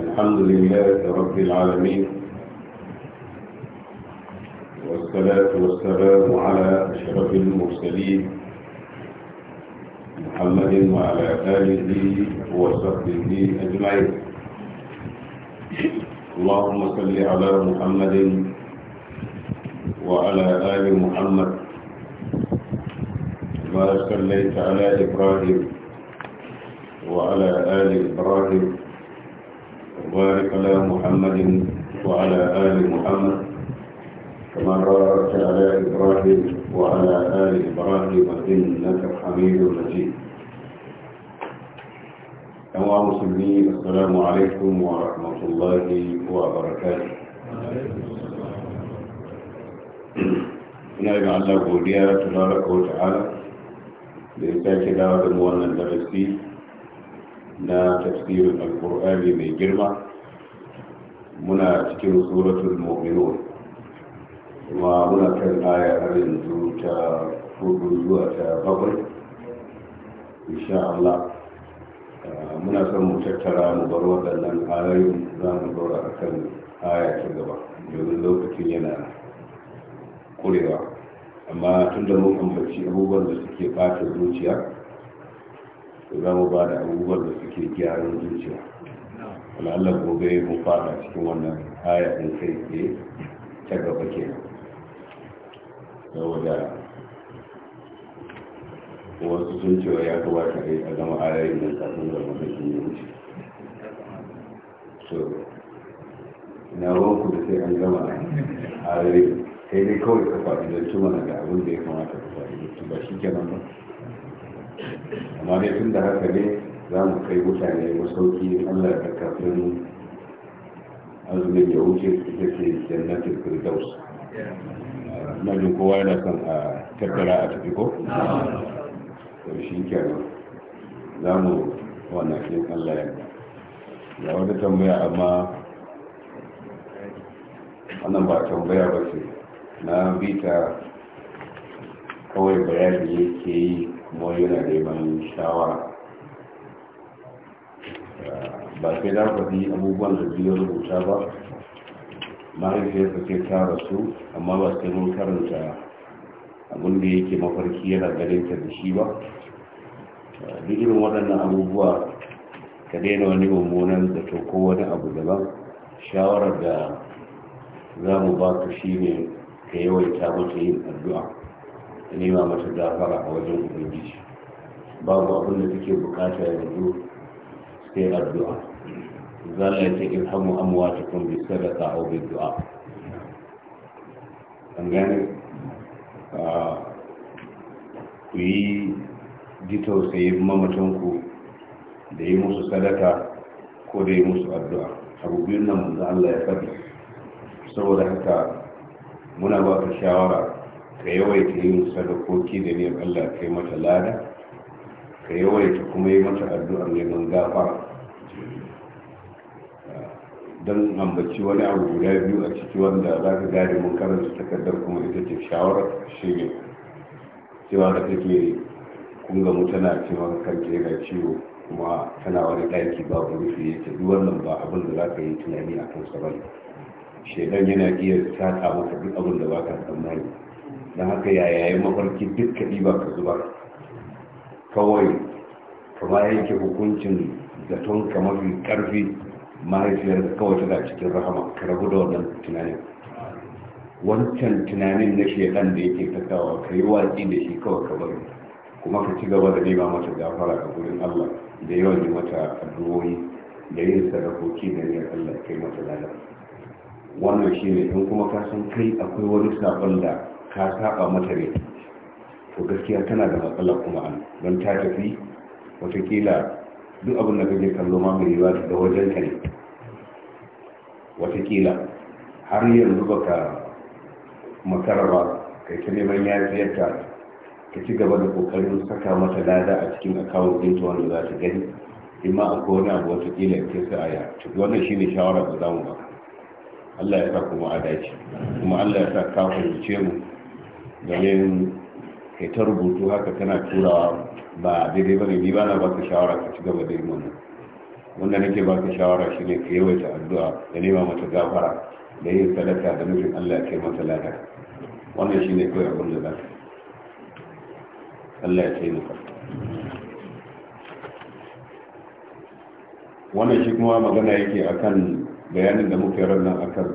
الحمد لله رب العالمين والصلاة والسلام على أشرف المرسلين محمد وعلى آله وصحبه أجمعين اللهم صل على محمد وعلى آل محمد ما صليت على إبراهيم وعلى آل إبراهيم وبارك على محمد وعلى آل محمد كما باركت على إبراهيم وعلى آل إبراهيم إنك حميد مجيد أيها المسلمين السلام عليكم ورحمة الله وبركاته ina yin Allah godiya تبارك وتعالى لإنتاج دار الموانا الدرسي dawo da mu wannan na tafsirin alkur'ani mai girma muna cikin suratul mu'minun kuma muna kan aya har yanzu ta hudu zuwa ta bakwai insha Allah ah, muna son mu tattara mu bar waɗannan ayoyin za mu dora a kan aya ta gaba domin lokacin yana kurewa amma tun da mun ambaci abubuwan da suke bata zuciya za mu ba da abubuwan da suke gyaran zuciya Allah gobe ya mu fada cikin wannan aya din kai ke ta gaba ke saboda wasu sun cewa ya kamata a yi a zama ayoyin da kafin zama da shi ne wuce so na roku da sai an gama ayoyin sai dai kawai ka faɗi da tuma da abin da ya kamata ka faɗi da tuma shi kenan ba amma dai tun da haka ne za mu kai mutane masauki allah da kafin azumin ya wuce ita ce jannatin firdaus majin kowa yana son a tattara a tafi ko? shi kenan za mu wannan ɗin allah ya ga wata tambaya amma wannan ba tambaya ba ce na bita kawai bayani yake yi kuma yana neman shawara ba sai za ku yi abubuwan da biyu rubuta ba mahaifiyarsa sai tara su, amma ba sai mun karanta abin da yake mafarki yana ganin ta da shi ba duk irin waɗannan abubuwa ka daina wani mummunan da ta ko wani abu daban shawarar da za mu ba ka shi ne ka yawaita mata yin addu'a da nema mata gafara a wajen ubangiji babu abin da take bukata yanzu sai addu'a zalla ya ce irhamu amwatukum bi sadaqa aw bi du'a an gane ku yi ji tausayin mamatanku da yi musu sadaka ko da yi musu addu'a abu biyun nan da Allah ya faɗi saboda haka muna ba ka shawara ka yawaita yin sadakoki da niyyar Allah yi mata lada ka yawaita kuma yi mata addu'a neman gafa don ambaci wani abu guda biyu a ciki wanda za ka gane mun karanta takardar kuma ita ce shawarar shi ne cewa da take kunga mu tana cewa ke ga ciwo kuma tana wani ɗaki ba rufe, ya ce duk wannan ba abin da za ka yi tunani a kan sa shaidan yana iya sata maka duk abin da ba ka tsammani don haka yaya yi mafarki duk kaɗi ba ka zubar kawai kamar yake hukuncin zaton ka mafi ƙarfi mahaifiyar kawai tana cikin rahama ka rabu da wannan tunanin wancan tunanin na shekan da yake tattawa ka yi watsi da shi kawai ka bari kuma ka ci gaba da nema mata gafara a gurin allah da yawan yi mata addu'o'i da yin sadakoki da niyyar allah kai mata lada wannan shi ne in kuma ka san kai akwai wani sabon da ka saba mata ne to gaskiya tana da matsala kuma an don ta tafi watakila duk abin da kake kallo ma mai yiwuwa da wajen ka ne watakila har yanzu baka makara ba kai ta neman yafiyarta ka ci gaba da kokarin saka mata lada a cikin akawun ɗinta wanda za ta gani imma a wani abu watakila ke sa aya to wannan shine shawara da mu ba. Allah ya sa kuma a dace kuma Allah ya sa ka fahimce mu domin kai ta rubutu haka tana turawa ba daidai ba ni ba na baka shawara ka ci gaba da yin wannan wanda nake ba ka shawara shine ka yawaita addu'a da nema mata gafara da yin sadaka da nufin Allah ya mata lada wannan shine kawai abin da za ka Allah ya taimaka wannan shi kuma magana yake akan bayanin da muke ranar akan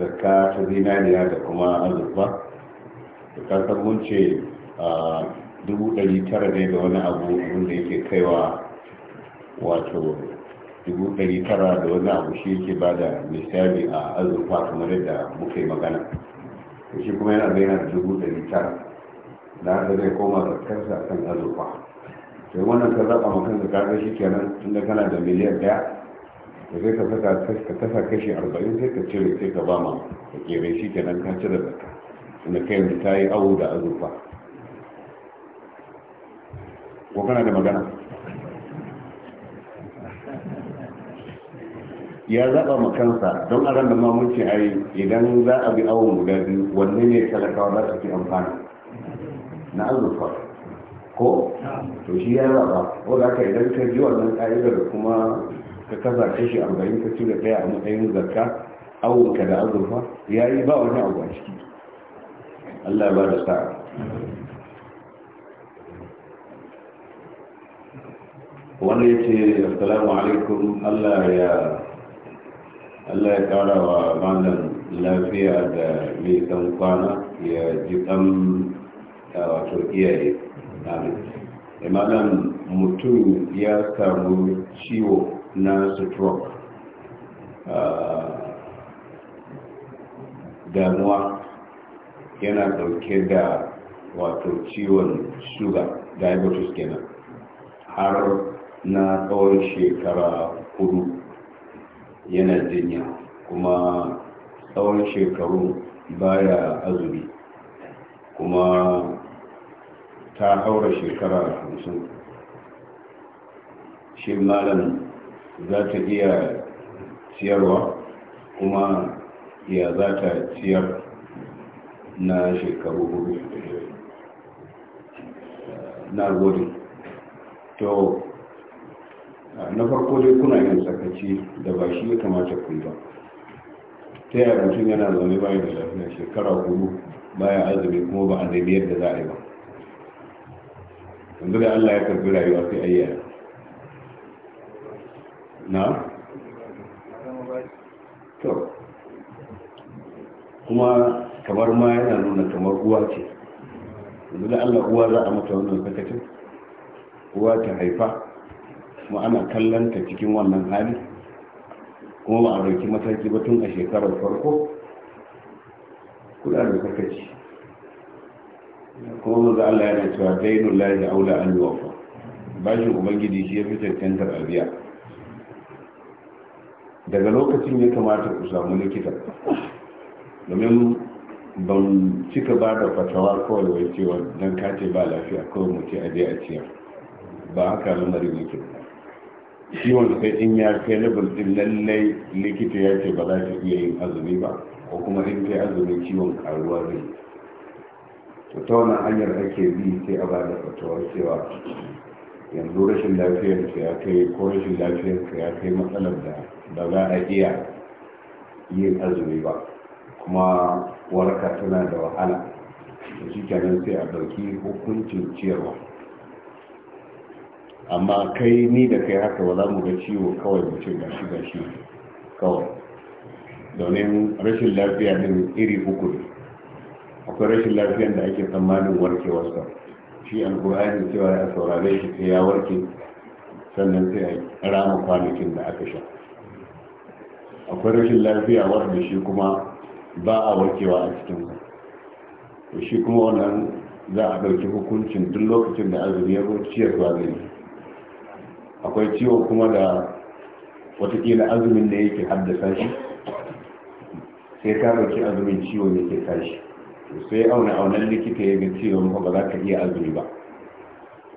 zakka ta zinariya da kuma azurfa da kasar mun ce dubu ɗari tara ne da wani abu wanda yake kaiwa wato dubu ɗari tara da wani abu shi yake ba da misali a azurfa kamar yadda muka yi magana shi kuma yana bayyana da dubu ɗari tara da haka zai koma karsa kan azurfa sai wannan ka zaɓa makan da kaga shi kenan tunda kana da miliyan ɗaya da zai ka saka ka kasa kashi arba'in sai ka cire sai ka ba ma ka kere shi kenan ka cire zakka tunda kai yanzu ta yi awo da azurfa ko kana da magana ya zaba ma kansa don a ran da ma a yi idan za a bi awon guda biyu wanne ne talakawa za su fi amfani na azurfa ko to shi ya zaba ko da ka idan ka ji wannan ka'idar kuma ka kasa kashi arba'in ka da ɗaya a matsayin zakka awon ka da azurfa ya yi ba wani abu a ciki Allah ya ba da sa'a wanda ya ce assalamu alaikum Allah ya Allah ya kara wa malam lafiya da nisan kwana ya ji ɗan wato iyaye da eh, malam mutum ya samu ciwo na stroke damuwa yana ɗauke da wato ciwon suga diabetes kenan har na tsawon shekara hudu yana jinya kuma tsawon shekaru baya azumi kuma ta haura shekara hamsin shi malam za ta iya ciyarwa kuma ya za ta ciyar na shekaru hudu na gode to na farko dai kuna yin sakaci da ba shi ya kamata ku ba ta yi mutum yana zaune bayan da lafiya shekara hudu baya azumi kuma ba a zai yadda za a yi ba yanzu da allah ya karbi rayuwa sai ayyana na to kuma kamar ma yana nuna kamar uwa ce yanzu da allah uwa za a mata wannan sakacin uwa ta haifa kuma ana kallon ta cikin wannan hali kuma ba a ɗauki mataki ba tun a shekarar farko Kula da sakaci kuma maza Allah yana cewa dainun layi da aula an yuwafa bashin ubangiji shi ya fi cancantar albiya daga lokacin ya kamata ku samu likita domin ban cika ba da fatawa kawai wai cewa don kace ba lafiya kawai mutu a je a ciyar ba haka lamarin yake ba ciwon sai in ya kai level din lallai likita ya ce ba za ta iya yin azumi ba ko kuma in ta azumi ciwon karuwa zai to ta wannan hanyar ake bi sai a bada fatawar cewa yanzu rashin lafiyar ka ya kai ko rashin lafiyar ka ya kai matsalar da ba za a iya yin azumi ba kuma warka tana da wahala da shi kenan sai a ɗauki hukuncin ciyarwa amma kai ni da kai haka ba za mu ga ciwo kawai shi ga shi kawai domin rashin lafiya din iri uku ne akwai rashin lafiyan da ake tsammanin warkewarsa shi alkur'ani cewa ya saurare shi sai ya warke sannan sai a rama kwanakin da aka sha akwai rashin lafiya wanda shi kuma ba a warkewa a cikinsa shi kuma wannan za a ɗauki hukuncin duk lokacin da azumi ya zo ciyarwa zai yi. akwai ciwo kuma da watakila azumin da yake haddasa shi sai ka ɗauki azumin ciwo ke tashi sai auna aunan likita ya ga ciwon ba za ka iya azumi ba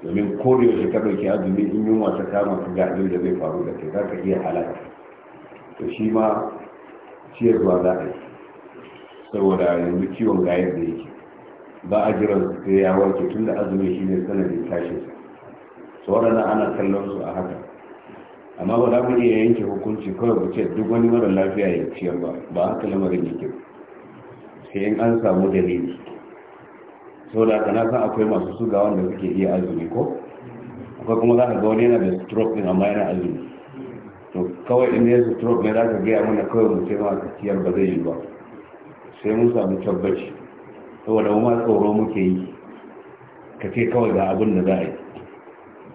domin ko da yaushe ka ɗauki azumi in yi ta kama ga abin da zai faru da kai za ka iya halaka to shi ma ciyarwa za a yi saboda yanzu ciwon ga yadda yake ba a jiran sai ya warke tun da azumi shi ne sanadin tashinsa. sauran ana kallon su a haka amma ba za mu iya yanke hukunci kawai ba ce duk wani mara lafiya ya ciyar ba ba haka lamarin yake sai in an samu dalili So haka na san akwai masu suga wanda suke iya azumi ko akwai kuma za ka ga wani yana da stroke din amma yana azumi to kawai in yanzu stroke ne za ka gaya mana kawai mu ce ma ciyar ba zai yi ba sai mun samu tabbaci saboda mu ma tsoro muke yi ka ce kawai ga abin da za a yi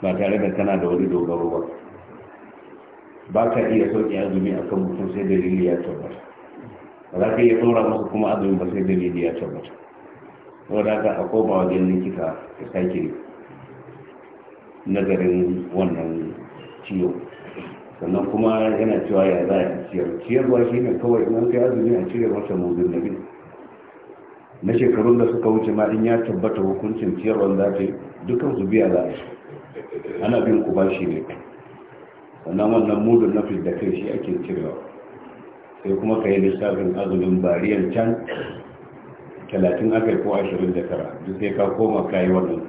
ba tare da kana da wani dogaro ba ba ka iya sauƙi azumi a kan mutum sai dalili ya tabbata ba za ka iya ɗora masa kuma azumi ba sai dalili ya tabbata saboda ka a koma wajen likita ka sake nazarin wannan ciwo sannan kuma yana cewa ya za a ciyar ciyarwa shi ne kawai in an kai azumi a cire masa muzin nabi na shekarun da suka wuce ma in ya tabbata hukuncin ciyarwa za ta yi dukkan su biya za a shi ana bin ku ba shi ne sannan wannan mudun na da kai shi ake cirewa sai kuma ka yi lissafin azumin bariyan can talatin aka ko ashirin da tara duk sai ka koma ka yi wannan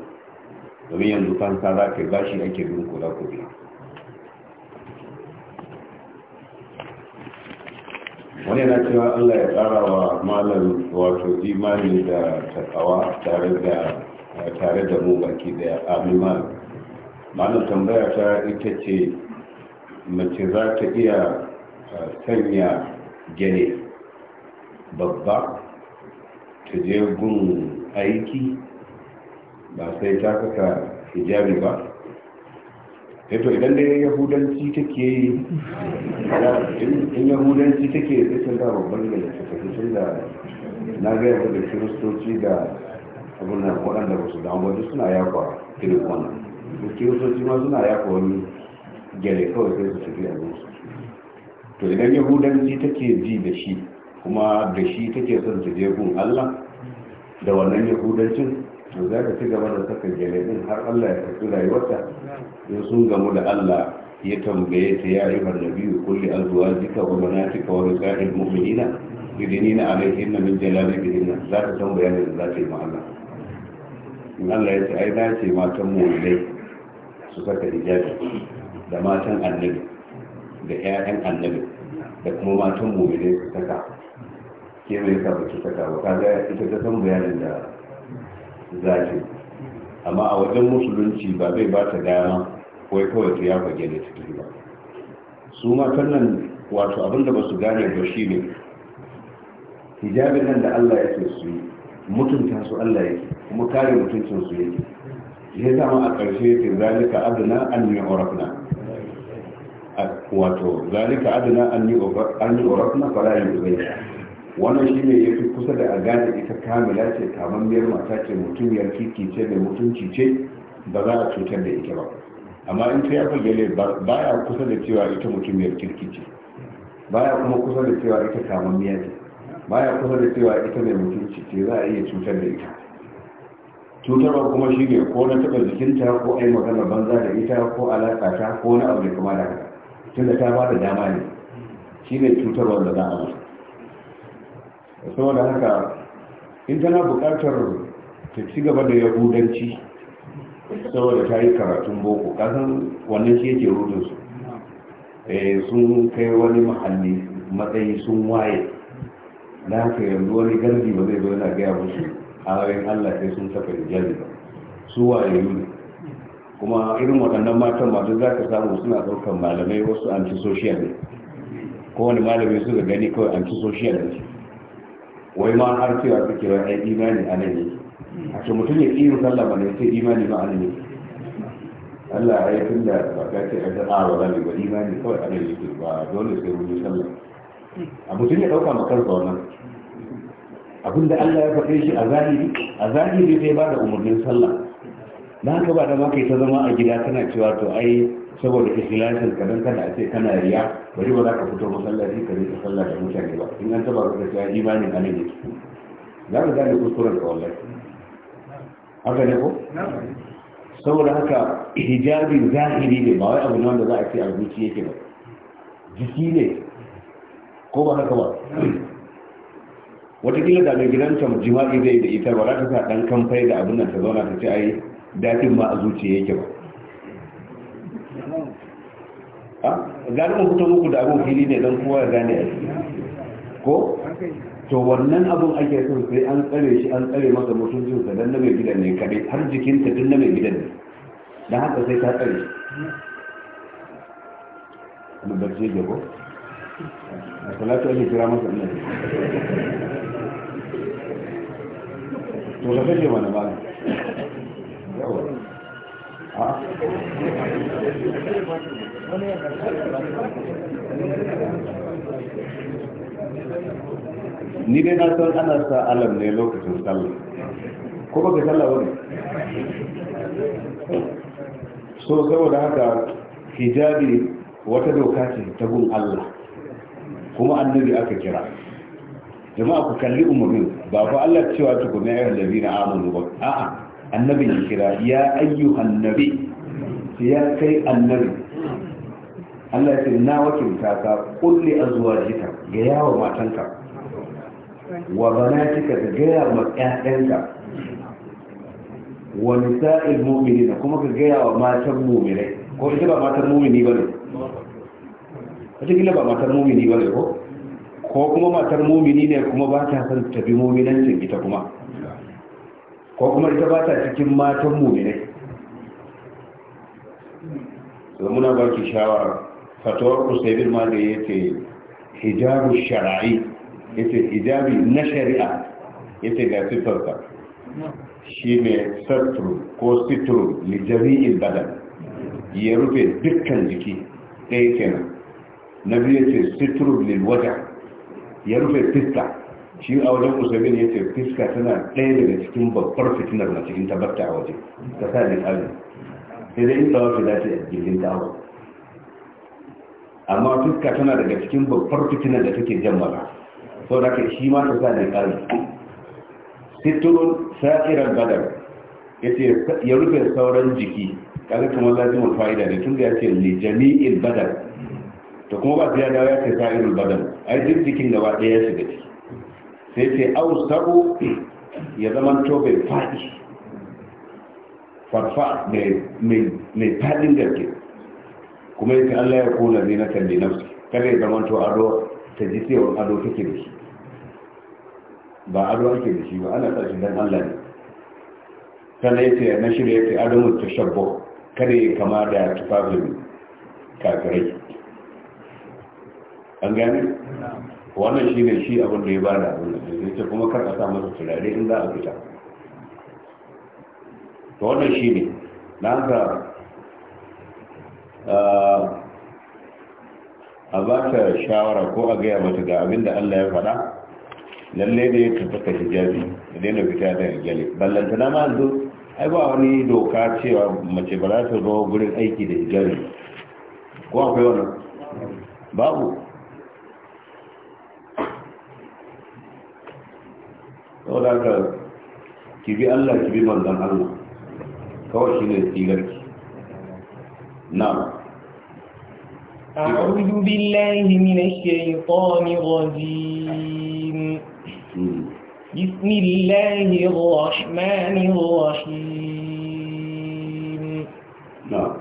domin yanzu fansa za ka yi bashi ake bin ku za ku biya wani na cewa allah ya tsara wa malam wato imani da takawa tare da mu baki da amin malam malam tambaya ta ita ce mace za ta iya sanya gane babba ta je gun aiki ba sai ta kaka hijabi ba eto eh idan dai yahudanci take yi in yahudanci take yi sun ta babban da ta tafi sun da na gaya da kiristoci da abin waɗanda ba su damu wajen suna yakwa kiri wannan kiristoci ma suna yafa wani gyale kawai sai su tafi a musu to idan yahudanci take ji da shi kuma da shi take son ta je gun allah da wannan yahudancin to za ka ci gaba da saka gyale din har allah ya tafi rayuwarta in sun gamu da allah ya tambaye ta ya ayyuhar nabiyyu kulli azwajika wa banatika wa nisa'il mu'minina yudinina alaihinna min jalabihinna za ta tambaya ne za ta yi ma allah in allah ya ce ai na ce matan mu dai.' su saka hijabi da matan annabi da 'ya'yan annabi da kuma matan mummune su saka ke mai sa ba saka ba kaga ita ta san bayanin da zaki amma a wajen musulunci ba zai ba ta dama kawai kawai ta yafa gane ta tafi ba su matan nan wato abinda ba su gane ba shi ne hijabin nan da allah ya ce su yi mutunta su allah yake kuma kare mutuncinsu yake ya zama a ƙarshe ce zalika adana an yi orafna wato zalika adana an yi orafna fara yin zai wannan shi ne ya fi kusa da a gane ita kamila ce kamar biyar mata ce mutum ya kiki ce mai mutunci ce ba za a cutar da ita ba amma in ta ya fagele ba ya kusa da cewa ita mutum ya kirki ce ba ya kuma kusa da cewa ita kamar biyar ce ba ya kusa da cewa ita mai mutunci ce za a iya cutar da ita cutarwa kuma shi ne ko na taɓa jikinta ko ai magana banza da ita ko alaƙa ta ko na abu da kuma da haka tun da ta ba da dama ne shi ne cutarwa da za a masa saboda haka in tana buƙatar ta ci gaba da yahudanci saboda ta yi karatun boko kasan wannan shi yake su eh, sun kai wani mahalli matsayi sun waye na haka yanzu wani garbi ba zai zo yana gaya musu harin Allah sai sun saka hijabi ba su waye ne kuma irin waɗannan matan masu za ka samu suna ɗaukar malamai wasu antisocial ne ko wani malami su ga gani kawai antisocial ne wai ma har cewa su wa ɗan imani a nan ne a ce mutum ya ƙi yin sallah ba ne sai imani ma a nan ne Allah ya yi tun da ba ka ce ɗan zaɓa wa zami ba imani kawai a nan ne ba dole sai mun yi sallah a mutum ya ɗauka ma kansa wannan abinda Allah ya faɗe shi a zahiri a zahiri zai ba da umarnin sallah na haka ba da ma kai ta zama a gida tana cewa to ai saboda ikhlasin ka dan kana ce kana riya bari ba za ka fito masallaci ka ka sallah da mutane ba in an taba ka cewa imanin anan yake za ka gane kuskuren ka wallahi haka ne ko saboda haka hijabin zahiri ne ba wai abu ne wanda za a ce a zuci yake ba jiki ne ko ba haka ba watakila da mai gidanta jima'i zai da ita ba za ta sa dan kamfai da abin nan ta zauna ta ce ai dafin ma a zuciya yake ba ah, gani mun fito muku da abin fili ne don kowa ya gane a ko to wannan abin ake son sai an tsare shi an tsare masa mutuncin sa dan na mai gidan ne kare har jikinta duk na mai gidan ne dan haka sai ta tsare mu barje ko a salatu ake kira masa annabi to ka kashe mana ba ne ni dai na san ana sa alam ne lokacin sallah ko ba ka sallah wani so saboda haka hijabi wata doka ce ta gun Allah kuma annabi aka kira jama'a ku kalli umarnin ba ku Allah cewa ku kuma ayyuhan ladina amanu ba a'a annabi ne kira ya ayyuhan nabi ya kai annabi Allah ya ce na wakilta ka kulli azwajika ga yawa matanka wa banatika ga gaya ma ƴaƴanka wa nisa'il mu'minina kuma ka gaya wa matan mu'minai ko ita ba matan mu'mini bane wata kila ba matan mu'mini bane ko ko kuma matar mumini ne kuma ba ta san tafi muminancin ita kuma ko kuma ita ba ta cikin matan muminai muna ba ki shawara fatuwar kusurin ma da ya ce hijabu shara'i ya ce hijabi na shari'a ya ce ga siffarsa shi ne satru ko sitru lijari ibadan ya rufe dukkan jiki ɗaya kenan na biyu ce sitru lilwaja ya rufe fiska shi a wajen usaimin ya ce fiska tana ɗaya daga cikin babbar fitinar na cikin tabbata a waje ta sa da tsari sai dai inda wasu dace a jirgin tawo amma fiska tana daga cikin babbar fitinar da take jan mara sau da ka shi ma ta sa da tsari Fitilun sa'irar badar ya ce ya rufe sauran jiki kaga kamar lazimin fa'ida da tun da ya ce lijami'in badar to kuma ba ya dawo ya ce sa'irul badan ai duk jikin gaba ɗaya su gaji sai ce au sabu ya zama to bai fadi farfa mai fadin gaske kuma yake Allah ya kuna na da na kada ya zama to ado ta ji wani ado take da shi ba ado ake da shi ba ana sa shi Allah ne sannan yace na shirya ce adamu tashabbuh kada ya kama da tufafin kakarai an gane wannan shi ne shi abin da ya bada abin da ya kuma kar a sa masa turare in za a fita to wannan shi ne na haka a ba ta shawara ko a gaya mata ga abin da Allah ya faɗa lalle ne ta saka hijabi da daina fita da gyale ballanta na ma yanzu ai ba wani doka cewa mace ba za ta zo gurin aiki da hijabi ko akwai wani babu saboda ka ki bi Allah ki bi manzon Allah kawai shine tsigarki na'am أعوذ بالله من الشيطان الرجيم بسم الله الرحمن الرحيم نعم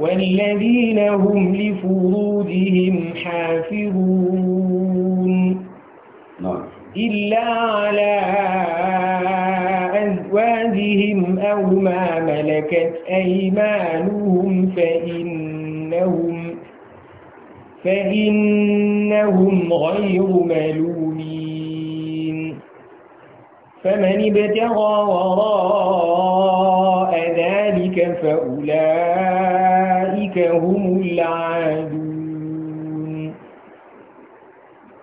والذين هم لفروجهم حافظون إلا على أزواجهم أو ما ملكت أيمانهم فإنهم فإنهم غير ملومين فمن ابتغى وراء ذلك فأولئك هم العادون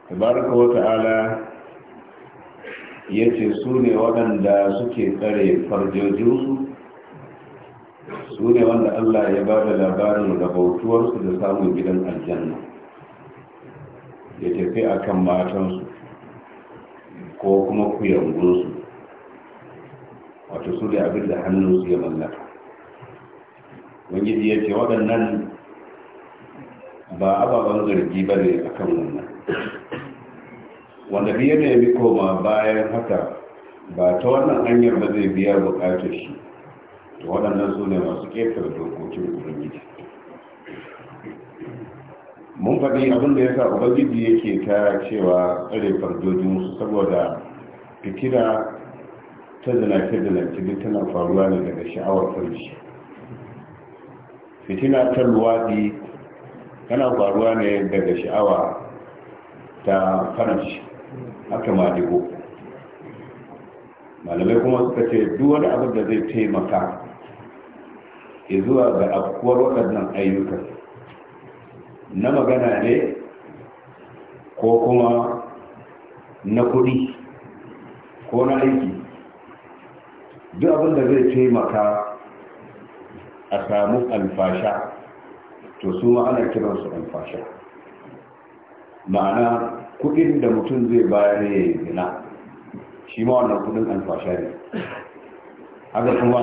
تبارك وتعالى ya ce su ne waɗanda suke tsare farjojinsu su ne wanda allah ya ba da labarin rabautuwarsu da samun gidan aljanna ya tafi a kan matansu ko kuma kuyangunsu wato su ne abin da hannunsu ya mallaka wani ya ce waɗannan ba ababen zargi ba ne a kan wannan wanda biya ne bi koma bayan haka ba ta wannan hanyar ba zai biya bukatar shi to waɗannan su ne masu ƙetar dokokin ubangiji mun faɗi abin da ya sa ubangiji yake ta cewa tsare fardojin su saboda fikira ta zinace zinace duk tana faruwa ne daga sha'awar farji fitina ta luwaɗi tana faruwa ne daga sha'awa ta farji haka ma dubu malamai kuma suka ce duk wani abin da zai taimaka ya zuwa ga afkuwar waɗannan ayyukan na magana ne ko kuma na kuɗi ko na aiki duk abin da zai taimaka a samu alfasha to su ma ana kiransu alfasha ma'ana kudin da mutum zai bayar ya yi zina shi ma wannan kudin alfasha ne haka kuma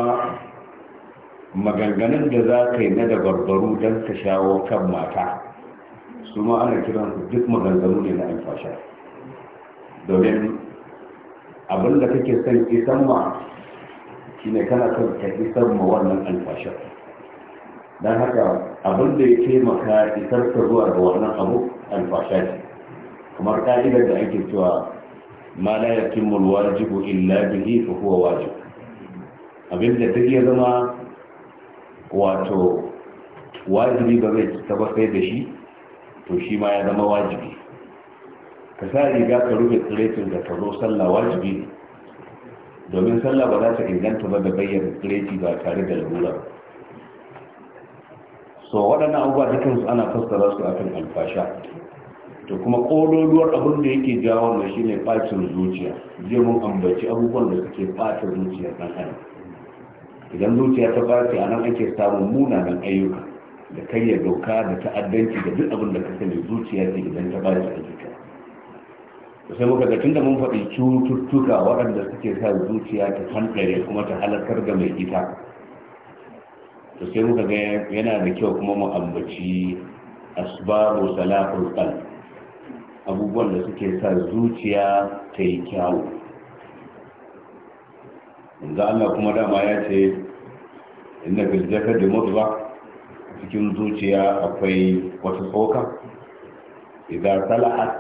maganganun da za ka yi na da barbaru don ka shawo kan mata su ma ana kiran su duk maganganu ne na alfasha domin abin da kake son isan ma shi ne kana son ka isan ma wannan alfasha don haka abin da ya taimaka isar ka zuwa ga wannan abu alfasha ne kamar ka'idar da ake cewa ma la yakimmu alwajibu illa bihi fa huwa wajib abinda da duk ya zama wato wajibi ba zai cika da shi to shi ma ya zama wajibi ka sa riga ka rufe tsiretin da ka zo sallah wajibi domin sallah ba za ta inganta ba da bayyana tsireti ba tare da lalura so waɗannan abubuwa dukansu ana fassara su kan alfasha to kuma ƙololuwar abin da yake jawo mai shi ne ɓacin zuciya zai mun ambaci abubuwan da suke ɓata zuciya kan adam idan zuciya ta fati a nan ake samun munanan ayyuka da karya doka da ta'addanci da duk abin da ka sani zuciya ce idan ta fati a zuciya sai muka ga tunda mun faɗi cututtuka waɗanda suke sa zuciya ta fanɗare kuma ta halakar da mai ita to sai muka ga yana da kyau kuma mu ambaci asbabu salahul qalb abubuwan da suke sa zuciya ta yi kyawu inda allah kuma dama ya ce inda filjakar da mutuwa cikin zuciya akwai wata tsoka idan sala'at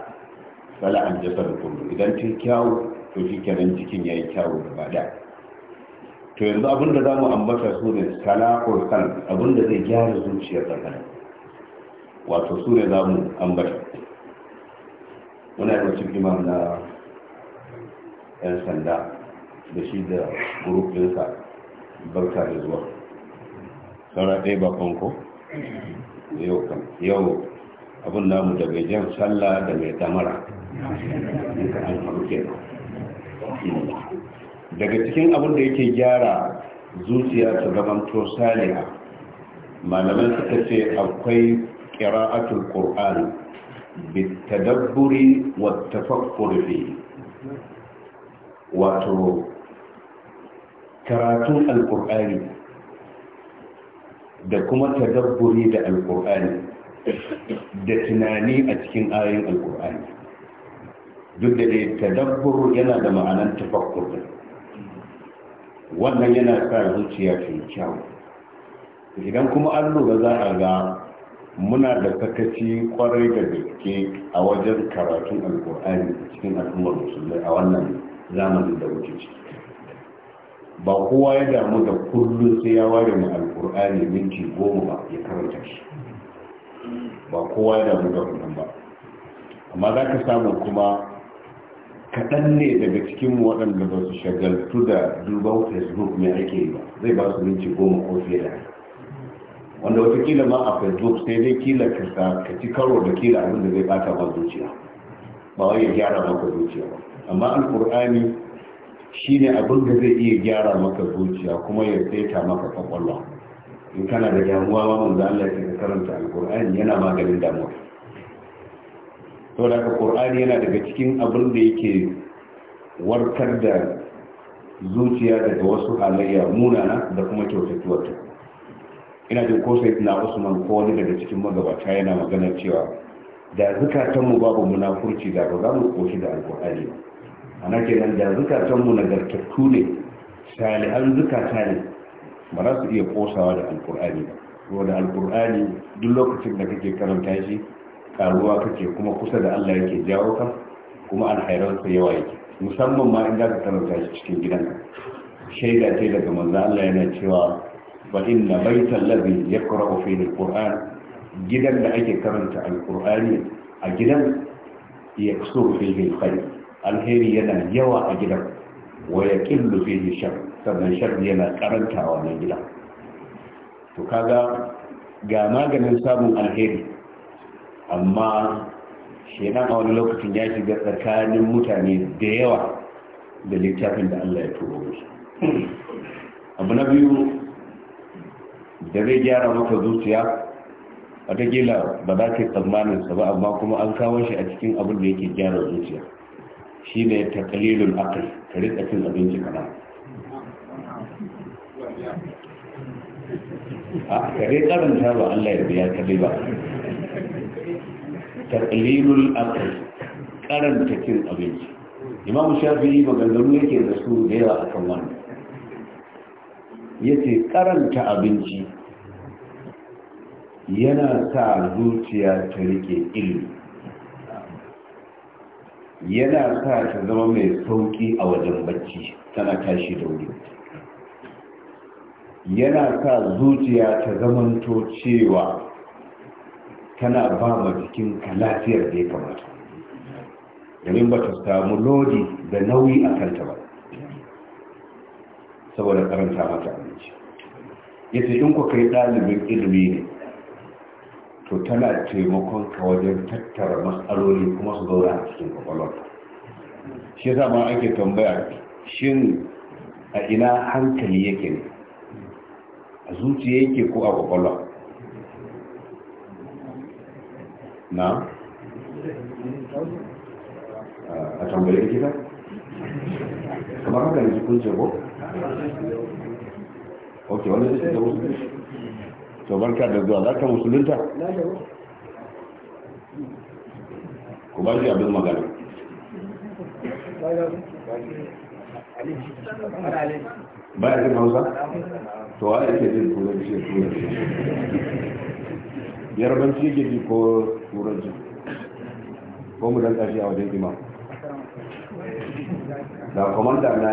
sala'an jasar kuma idan ta kyawu to shi kenan cikin ya yi kyawu gaba da to yanzu abinda za mu ambata su ne salakul kan abinda zai gyara zuciyar ɗan wato su ne za mu ambata muna da cikin imam na yan sanda da shi da group barka da zuwa saura ɗaya ba ko yau abin namu da mai jan sallah da mai damara daga cikin abin da yake gyara zuciya ta gaban tosaliya malaman malamai suka ce akwai kira'atul ƙur'ani bitadabburi wattafakkur fi wato karatun alkur'ani da kuma tadabburi da alkur'ani da tunani a cikin ayoyin alkur'ani duk da dai tadabbur yana da ma'anar tafakkur wannan yana sa zuciya ta kyau idan kuma an lura za a ga muna da sakaci kwarai da gaske a wajen karatun alkur'ani cikin al'ummar musulmai a wannan zamanin da wuce ciki ba kowa ya damu da kullum sai ya ware mu alkur'ani minti goma ba ya karanta shi ba kowa ya damu da wannan ba amma za ka samu kuma kaɗan ne daga cikin waɗanda ba su shagaltu da duban facebook mai ake yi ba zai ba su minti goma ko fiye da haka wanda watakila ma a facebook sai dai kila ka ci karo da kila abin da zai bata ba zuciya ba wai ya gyara maka zuciya ba amma alkur'ani shine abin da zai iya gyara maka zuciya kuma ya saita maka kwakwalwa in kana da damuwa ma da Allah ya karanta alkur'ani yana maganin damuwa to da yana daga cikin abin da yake warkar da zuciya daga wasu halayya munana da kuma kyautatuwarta ina jin ko sai na usman ko wani daga cikin magabata yana magana cewa da zukatanmu babu munafurci da ba za mu koshi da alkur'ani ba ana kenan da zukatanmu nagartattu ne salihan zukata ne ba za su iya kosawa da alkur'ani ba saboda alkur'ani duk lokacin da kake karanta shi karuwa kake kuma kusa da allah yake jawo ka kuma alhairansa yawa yake musamman ma in za ka karanta shi cikin gidanka shaida ce daga manzo allah yana cewa fa inna baita ladhi yaqra'u fihi alquran gidan da ake karanta alqur'ani a gidan ya yaksuru fihi alkhair alheri yana yawa a gidan wa yaqillu fihi shar sannan shar yana karantawa na gidan to kaga ga maganin samun alheri amma shenan a wani lokacin ya shiga tsakanin mutane da yawa da littafin da Allah ya turo musu abu na biyu da zai gyara maka zuciya gila ba za ka tsammanin sa ba amma kuma an kawo shi a cikin abin da yake gyara zuciya shi ne ta kalilun akai ka rika cin abinci kana a kare karanta ba Allah ya biya kalli ba ta kalilun akai karanta cin abinci imam Shafi maganganu yake da su da yawa akan wannan yace karanta abinci yana sa zuciya ta rike ilimi yana sa ta zama mai sauki a wajen bacci tana tashi da wuri yana sa zuciya ta zamanto cewa tana ba ma jikinka lafiyar da ya kamata domin ba ta samu lodi da nauyi a kanta ba saboda karanta mata abinci ya ce in ku kai ɗalibin ilimi ne to tana taimakon ka wajen tattara matsaloli kuma su zauna a cikin kwakwalwarka shi yasa ma ake tambaya shin a ina hankali yake ne a zuciya yake ko a kwakwalwa na a tambayi likita kamar haka ne kun ce ko ok wani zai shiga musulunci to barka da zuwa za ka musulunta ku ba shi abin magana ba ya jin hausa to wa yake jin turanci ya turanci yarbanci yake ji ko turanci ko mu dan kashi a wajen imam da kwamanda na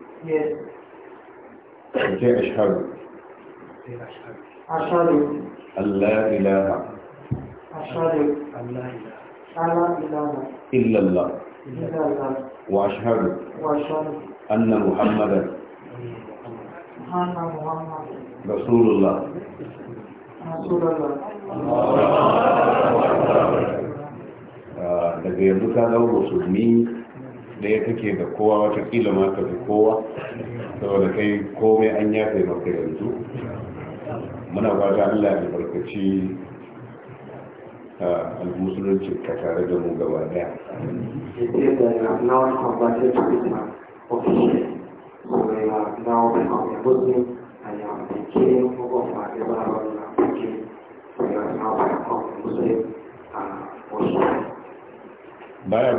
في أشهد. أشهد. أن لا إله. أشهد. أن لا إله. إلا الله. إلا الله. وأشهد. وأشهد. أن محمدا. محمد. رسول الله. رسول الله. الله أكبر. الله yanzu الله zama da ya kake da kowa watakila ma ta fi kowa saboda kai komai an ya kai maka yanzu muna fata allah ya barkaci a ah, musulunci ka tare da mu gaba daya Now we have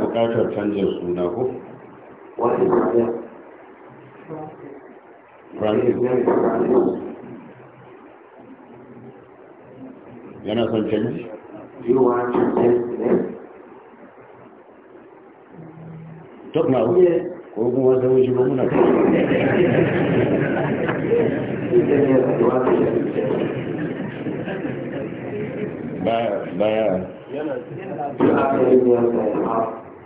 buƙatar canjin suna ko? yana son canji? na ko kuma wata wuce ba muna ba ba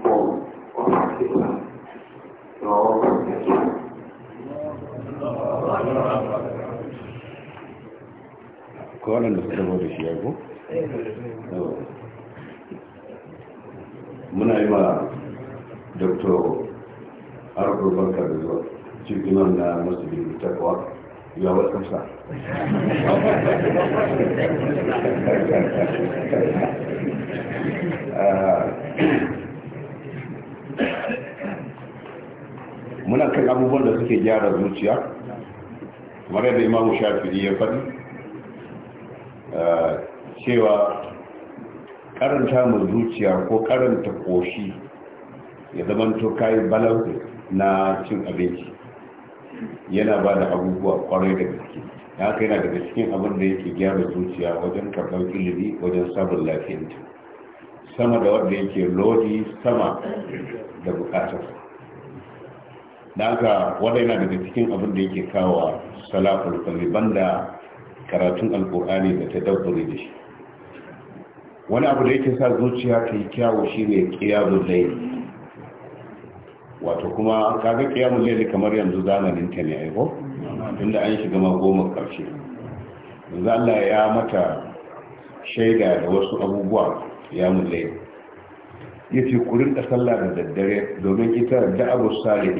ko waɗanda suka zama da shi ya muna yi ma dr arko banka da zuwa cikin nan na masu biyu ta ya wasu muna kan abubuwan da suke gyara zuciya kamar yadda imamu shafi'i ya faɗi eh, cewa karanta mu zuciya ko karanta koshi ya zamanto kayi balance na cin abinci yana ba da abubuwa kwarai da gaske da haka yana daga cikin abin da yake gyara zuciya wajen karɓar ilimi wajen samun lafiyanta sama da wanda yake lodi sama da bukatarsa da haka wanda yana daga cikin abin da yake kawo salaful kalli banda karatun alkur'ani da ta dabbari da shi wani abu da yake sa zuciya ta yi kyawu shine qiyamul layl wato kuma kaga ƙiyamun layl kamar yanzu zamanin ta ne aiko tunda an shiga ma goma karshe yanzu ya mata shaida da wasu abubuwa qiyamul Ya yace kurin da sallah da daddare domin ita da abu da ne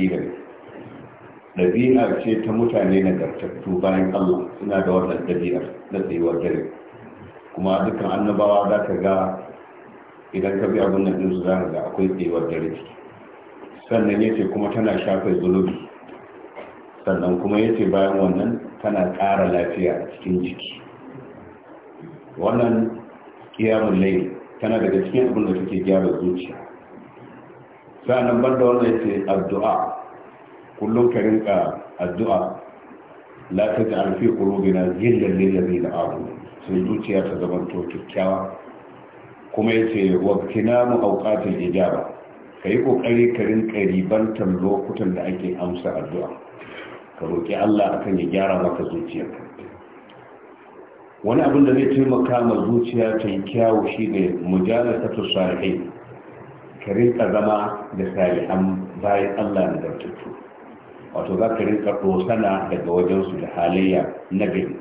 ɗabi'a ce ta mutane nagartattu bayan allah suna da wannan ɗabi'ar na tsayuwar dare kuma dukkan annabawa za ka ga idan ka bi abin nan ɗinsu za ka ga akwai tsayuwar dare ciki sannan ya ce kuma tana shafe zunubi sannan kuma ya ce bayan wannan tana ƙara lafiya a cikin jiki wannan kiyamun lai tana daga cikin abin da take gyara zuciya sa'annan banda wannan ya ce addu'a kullum ka rinka addu'a la ta ji alfi ƙurobina zillan lillazi da abu sai zuciya ta zama to kyakkyawa kuma ya ce wakina mu auƙatin ijaba ka yi ƙoƙari ka rinka ribantar lokutan da ake amsa addu'a ka roƙi allah akan ya gyara maka zuciya wani abin da zai taimaka ma zuciya ta yi kyawu shi ne mujala ta tusarihai ka rinka zama da salihan bayan allah da zartattu wato za ka rinka dosana daga wajensu da halayya na gari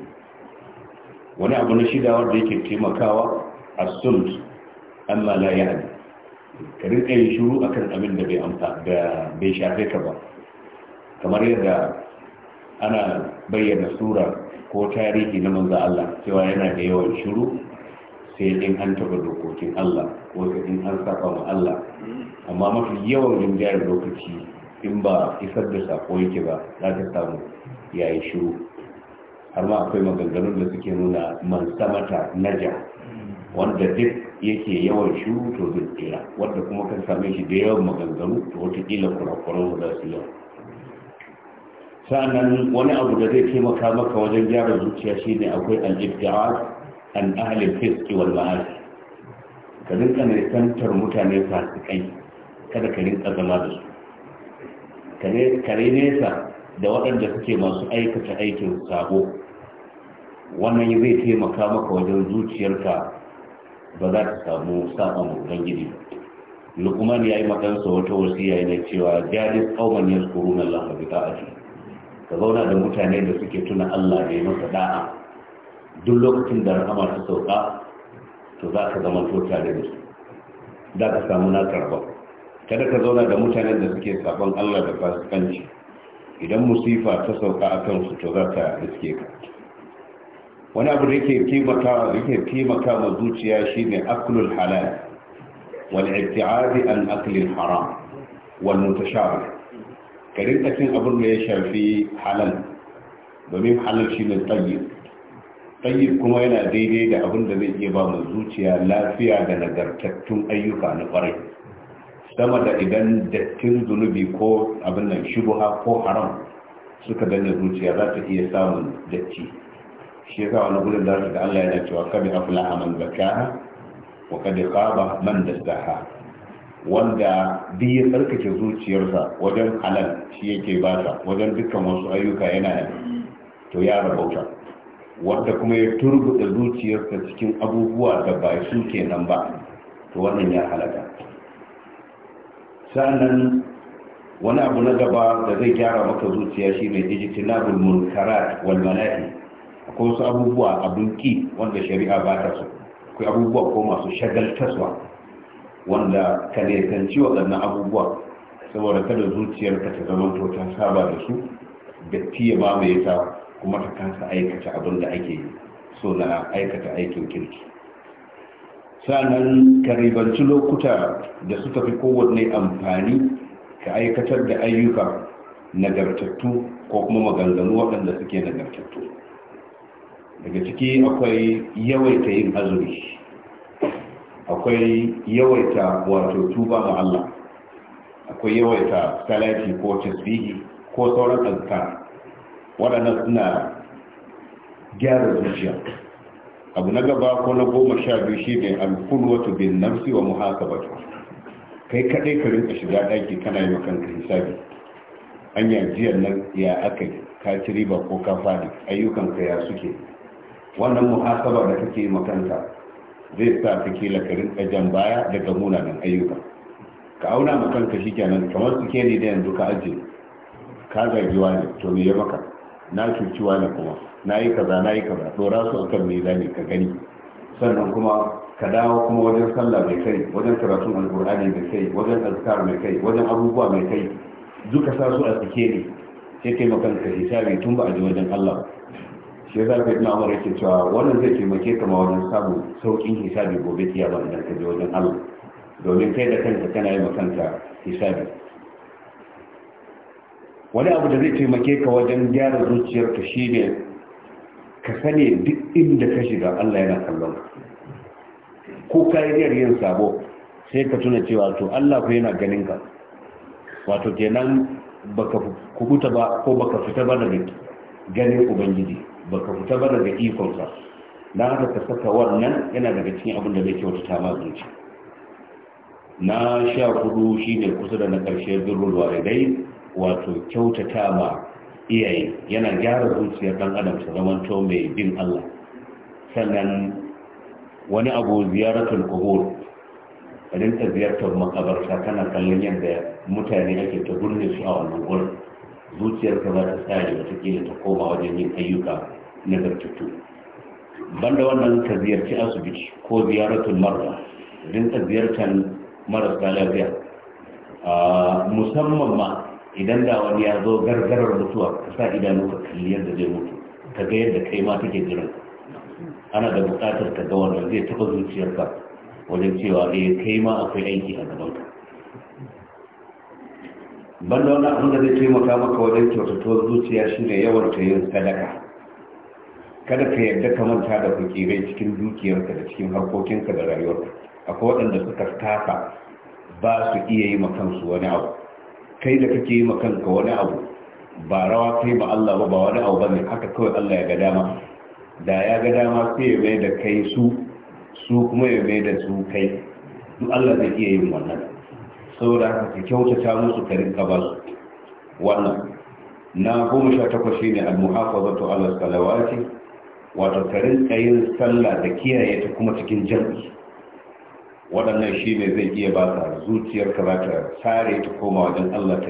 wani abu na shida wanda yake taimakawa a sult amma la ya hadu ka rinka yin shuru akan abin da bai shafe ka ba kamar yadda ana bayyana sura ko tarihi na manza Allah cewa yana da yawan shuru sai in an taba dokokin Allah ko sai in an saba ma Allah amma mafi yawan gyara lokaci in ba isar da sako yake ba za ta samu ya yi shiru har ma akwai maganganun da suke nuna man samata naja wanda duk yake yawan shiru to zai tsira wanda kuma kan same shi da yawan maganganu to watakila kurakuran za su yawa sa'annan wani abu da zai taimaka maka wajen gyara zuciya shine akwai al-ibtihar an ahli fiski wal ma'asi ka rinka nisantar mutane fasikai kada ka rinka zama da su kare nesa da waɗanda suke masu aikata aikin sabo wannan zai taimaka maka wajen zuciyarka ba za ta samu saman ubangiji lukman ya yi makansa wata yayi na cewa jadis kauman ya tsoro na lafafi ta aji ka zauna da mutane da suke tuna allah ne masa da'a duk lokacin da rahama ta sauka to za ka zama tota da su za ka samu na karɓa kada ka zauna da mutanen da suke sabon Allah da fasikanci idan musifa ta sauka a kansu to za ta ka wani abu da yake taimaka yake ma zuciya shine aklul halal wal ibtiadi an aklil haram wal mutashabih ka rinka cin abin da ya shafi halal domin halal shine tayyib tayyib kuma yana daidai da abin da zai iya ba mu zuciya lafiya da nagartattun ayyuka na ƙwarai. sama da idan dattin zunubi ko abin nan shubuha ko haram suka danne zuciya za ta iya samun datti shi yasa wani gudun da ga Allah yana cewa kabi afla man zakaha wa kad khaba man dassaha wanda duk ya tsarkake zuciyarsa wajen halal shi yake sa wajen dukkan wasu ayyuka yana to ya rabauta wanda kuma ya turbuda zuciyarsa cikin abubuwa da ba su kenan ba to wannan ya halaka sa'annan wani abu na gaba da zai gyara maka zuciya shi mai ijtinabul munkarat wal walmalahi akwai wasu abubuwa a ki wanda shari'a ba ta su akwai abubuwa ko masu shagaltaswa wanda ka nekanci waɗannan abubuwa saboda kada zuciyarka ta zama to ta saba da su da tiya mai ta kuma ta kasa aikata abin da ake so na aikata aikin kirki sannan ka ribanci lokuta da suka fi kowanne amfani ka aikatar da ayyuka nagartattu ko kuma maganganu waɗanda suke nagartattu daga ciki akwai yawaita yin azumi akwai yawaita wato tuba ma Allah akwai yawaita salati ko tasbihi ko sauran azkar waɗannan suna gyara zuciya abu na gaba ko na goma sha biyu shi ne alfulwatu bin nafsi wa muhasabatu kai kadai ka rinka shiga daki kana yi kanka hisabi anya jiyar nan ya aka yi ka ci riba ko ka fadi ayyukanka ya suke wannan muhasaba da kake yi makanta zai sa ka kila ka rinka jan baya daga munanan ayyuka ka auna ma kanka kenan kamar suke ne da yanzu ka ajiye ka zargi wani to me ya maka na cuci wani kuma na yi kaza na yi kaza dora su mai mizani ka gani sannan kuma ka dawo kuma wajen sallah mai kai wajen karatun alkur'ani mai kai wajen azkar mai kai wajen abubuwa mai kai duka sa su a tsike ne sai kai makan ka hisabi tun ba a ji wajen Allah shi za ka yi na amara yake cewa wannan zai taimake ka ma wajen samun sauƙin hisabi gobe kiyama idan ka je wajen Allah domin kai da kanka kana yi ma hisabi wani abu da zai taimake ka wajen gyara zuciyar shi ne ka sani duk inda ka shiga Allah yana kallon ko ka yi yin sabo sai ka tuna cewa to Allah ku yana ganin ka wato kenan baka kubuta ba ko baka fita ba daga ganin ubangiji baka fita ba daga ikonsa na haka ka saka wannan yana daga cikin abin da zai kyautata ma zuci na sha kudu shine kusa da na karshe birrul walidai wato kyautata ma iyaye yana gyara zuciyar dan adam zama to mai bin Allah sannan wani abu ziyaratul qubur ta ziyartar makabarta kana kallon yadda mutane ake ta burne su a wannan gurin ka za ta tsare watakila ta koma wajen yin ayyuka na gartutu banda wannan ka ziyarci asibiti ko ziyaratul marra ka ziyartar marasa lafiya ah, musamman ma idan da wani ya zo gargarar mutuwa ka sa idanu ka kalli yadda zai mutu ka ga yadda kai ma take jiran ana da buƙatar ka ga wannan zai taɓa zuciyarka wajen cewa eh kai ma akwai aiki a gaban ka da wani abin da zai taimaka maka wajen kyautatuwar zuciya shine yawan ta yin sadaka kada ka yarda ka manta da fakirai cikin dukiyarka da cikin harkokinka da rayuwarka akwai waɗanda suka tafa ba su iya yi ma kansu wani abu kai da kake yi kanka wani abu ba rawa kai ba Allah ba ba wani abu bane haka kawai Allah ya ga dama da ya ga dama sai ya mai da kai su su kuma ya mai da su kai duk Allah zai iya yin wannan saboda haka ka kyautata musu ka rinka ba su wannan na goma sha takwas shine al-muhafazatu ala salawati wato ka rinka yin sallah da kiyaye ta kuma cikin jami'i waɗannan shi ne zai iya ba ka zuciyarka za ta sare ta koma wajen allah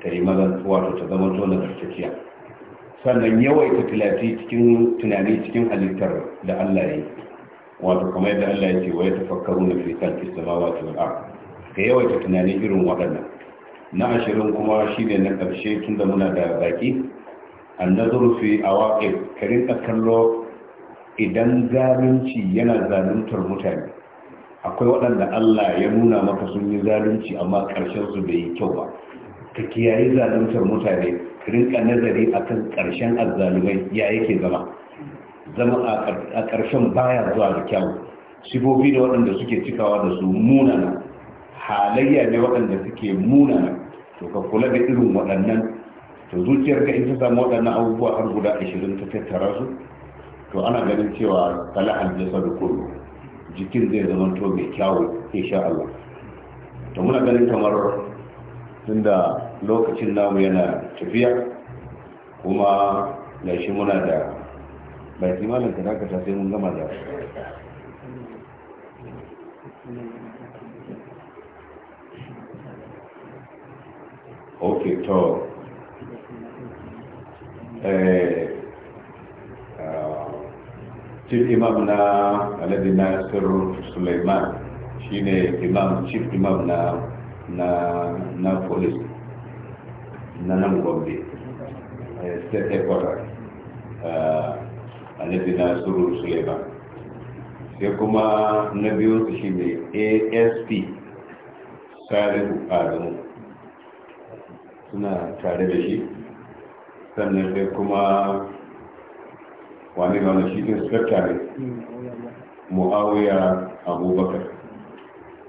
ta yi mazan wato ta zama tona tsarkakiya sannan yawaita tilati cikin tunani cikin halittar da allah ya yi wato kamar yadda allah ya ce wa ya tafakkaru na fitan islamawa ta wal'a ka yawaita tunani irin waɗannan na ashirin kuma shi ne na ƙarshe tun da muna da baƙi. an nazaru fi a waƙe karin ƙasar kallo idan zalunci yana zaluntar mutane akwai waɗanda Allah ya nuna maka sun yi zalunci amma ƙarshen su bai yi kyau ba ka kiyaye zaluntar mutane rinka nazari akan ƙarshen azzalumai ya yake zama zama a ƙarshen baya zuwa da kyau sifofi da waɗanda suke cikawa da su munana halayya ne waɗanda suke munana to ka kula da irin waɗannan to zuciyar ka in ta samu waɗannan abubuwa har guda ashirin ta tattara su to ana ganin cewa kala aljasa da kullum jikin zai zama to mai kyawu insha Allah to muna ganin kamar tunda lokacin namu yana tafiya kuma da shi muna da bai kimanin ka dakata sai mun gama da ok to eh chief imam na alhaji nasir suleiman ne imam chief imam na na na police na nan gombe eh, state headquarters na eh, nasir suleiman sai kuma na biyu su ne asp salihu adamu suna tare da shi sannan sai kuma wani na wani shi inspector ne muawiya abubakar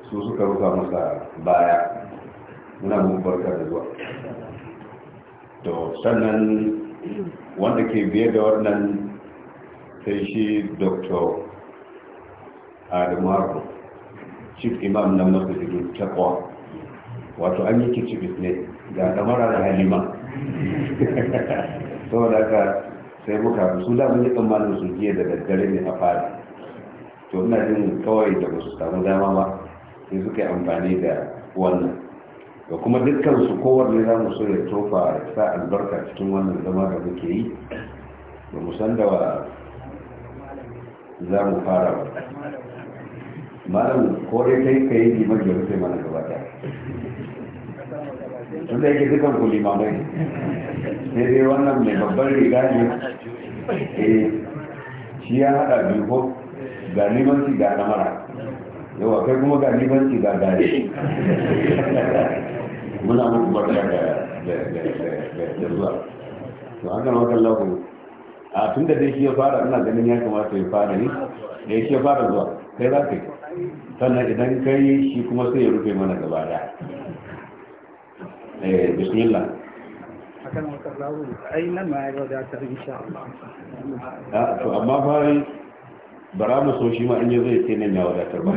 su suka rufa masa baya muna mun barka da zuwa to sannan wanda ke biye da wannan sai shi dr adamu chief imam na masu takwa wato an yi kicci ne ga kamara da halima saboda ka sai muka su za mun yi tsammanin su jiya da daddare ne a fari to ina jin kawai da ba su samu dama ba sai suka yi amfani da wannan da kuma dukkan su kowanne za mu so ya tofa sa albarka cikin wannan zama da muke yi ba mu san da za mu fara ba malam ko dai kai ka yi limar da mana gaba daya wanda yake dukan ku limamai sai dai wannan mai babban riga ne eh shi ya hada biyu ko neman limanci ga namara yawa kai kuma ga limanci ga gari muna mu barka da da zuwa to haka na wakan lagu a tun da dai shi ya fara ina ganin ya kamata ya fara ne da eh, shi ya fara zuwa kai za ka yi sannan idan kai shi kuma sai ya rufe mana gaba daya eh bismillah akan makarrahu ai nan ma ya wadatar insha Allah ah, to amma bara mu so shi ma in zai ce nan ya wadatar ba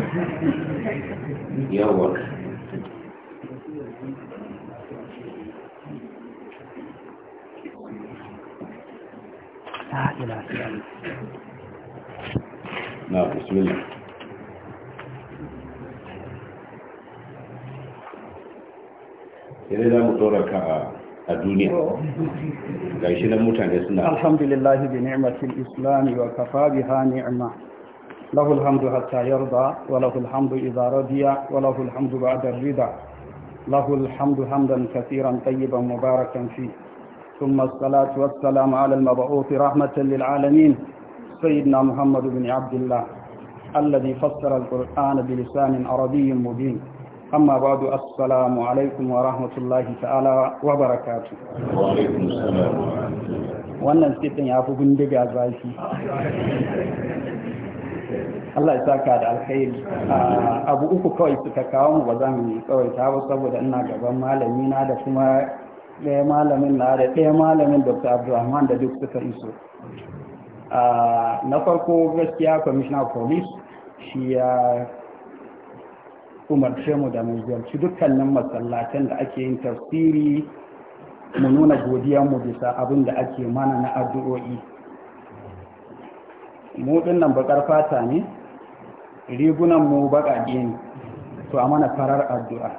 yawa لا sai za mu tsora ka a duniya ga shi nan mutane suna alhamdulillah bi ni'matil islam wa kafa biha ni'ma lahu alhamdu hatta yarda wa lahu alhamdu idha radiya wa lahu alhamdu ba'da rida lahu alhamdu hamdan katiran tayyiban mubarakan fi ثم الصلاة والسلام على المبعوث رحمة للعالمين سيدنا محمد بن عبد الله الذي فسر القرآن بلسان عربي مبين amma ba'du assalamu alaikum wa rahmatullahi ta'ala wa barakatu wannan sitin ya fi bindiga zafi Allah ya saka da alkhairi abu uku kawai suka kawo mu ba za mu yi kawai ta ba saboda ina gaban malami na da kuma ɗaya malamin na da ɗaya malamin dr abdulrahman da duk suka iso na farko gaskiya commissioner police shi ya umarce mu da mu ziyarci dukkanin masallatan da ake yin tafsiri mu nuna mu bisa abin da ake mana na addu'o'i mu nan bakar fata ne rigunan mu baƙaƙe ne to a mana farar addu'a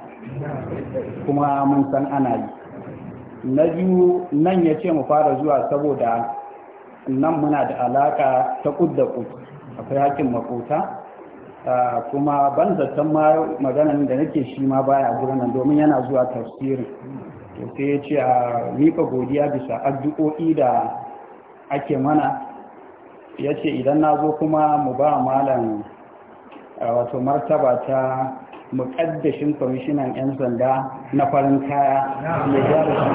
kuma mun san ana yi na biyu nan ya ce mu fara zuwa saboda nan muna da alaƙa ta ƙudda ƙud akwai hakin makota kuma ban zaton ma maganan da nake shi ma baya a nan domin yana zuwa tafsirin to sai ya ce a mika godiya bisa addu'o'i da ake mana ya ce idan na zo kuma mu ba malam wato martaba ta mukaddashin kwamishinan 'yan sanda na farin kaya mai gyara shi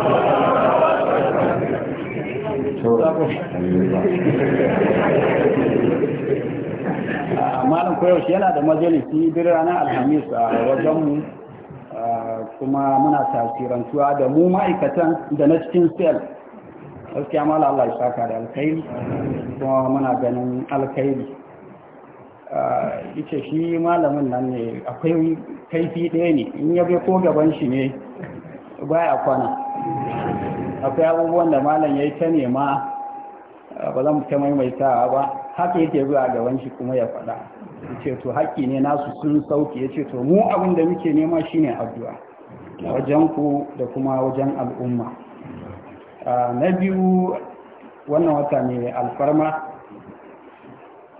malam koyaushe yana da majalisi duk ranar alhamis a wajenmu kuma muna tasirantuwa da mu ma'aikatan da na cikin sel gaskiya mala Allah ya saka da alkhairi kuma muna ganin alkhairi ita shi malamin nan ne akwai kaifi ɗaya ne in ya bai ko gaban shi ne baya kwana akwai abubuwan da malam ya yi ta nema ba zan ta maimaitawa ba haka yake zuwa gaban shi kuma ya faɗa ce to haƙƙi ne nasu sun sauki ce to mu abin da muke nema shine addu'a wajen ku da kuma wajen al'umma na biyu wannan wata ne alfarma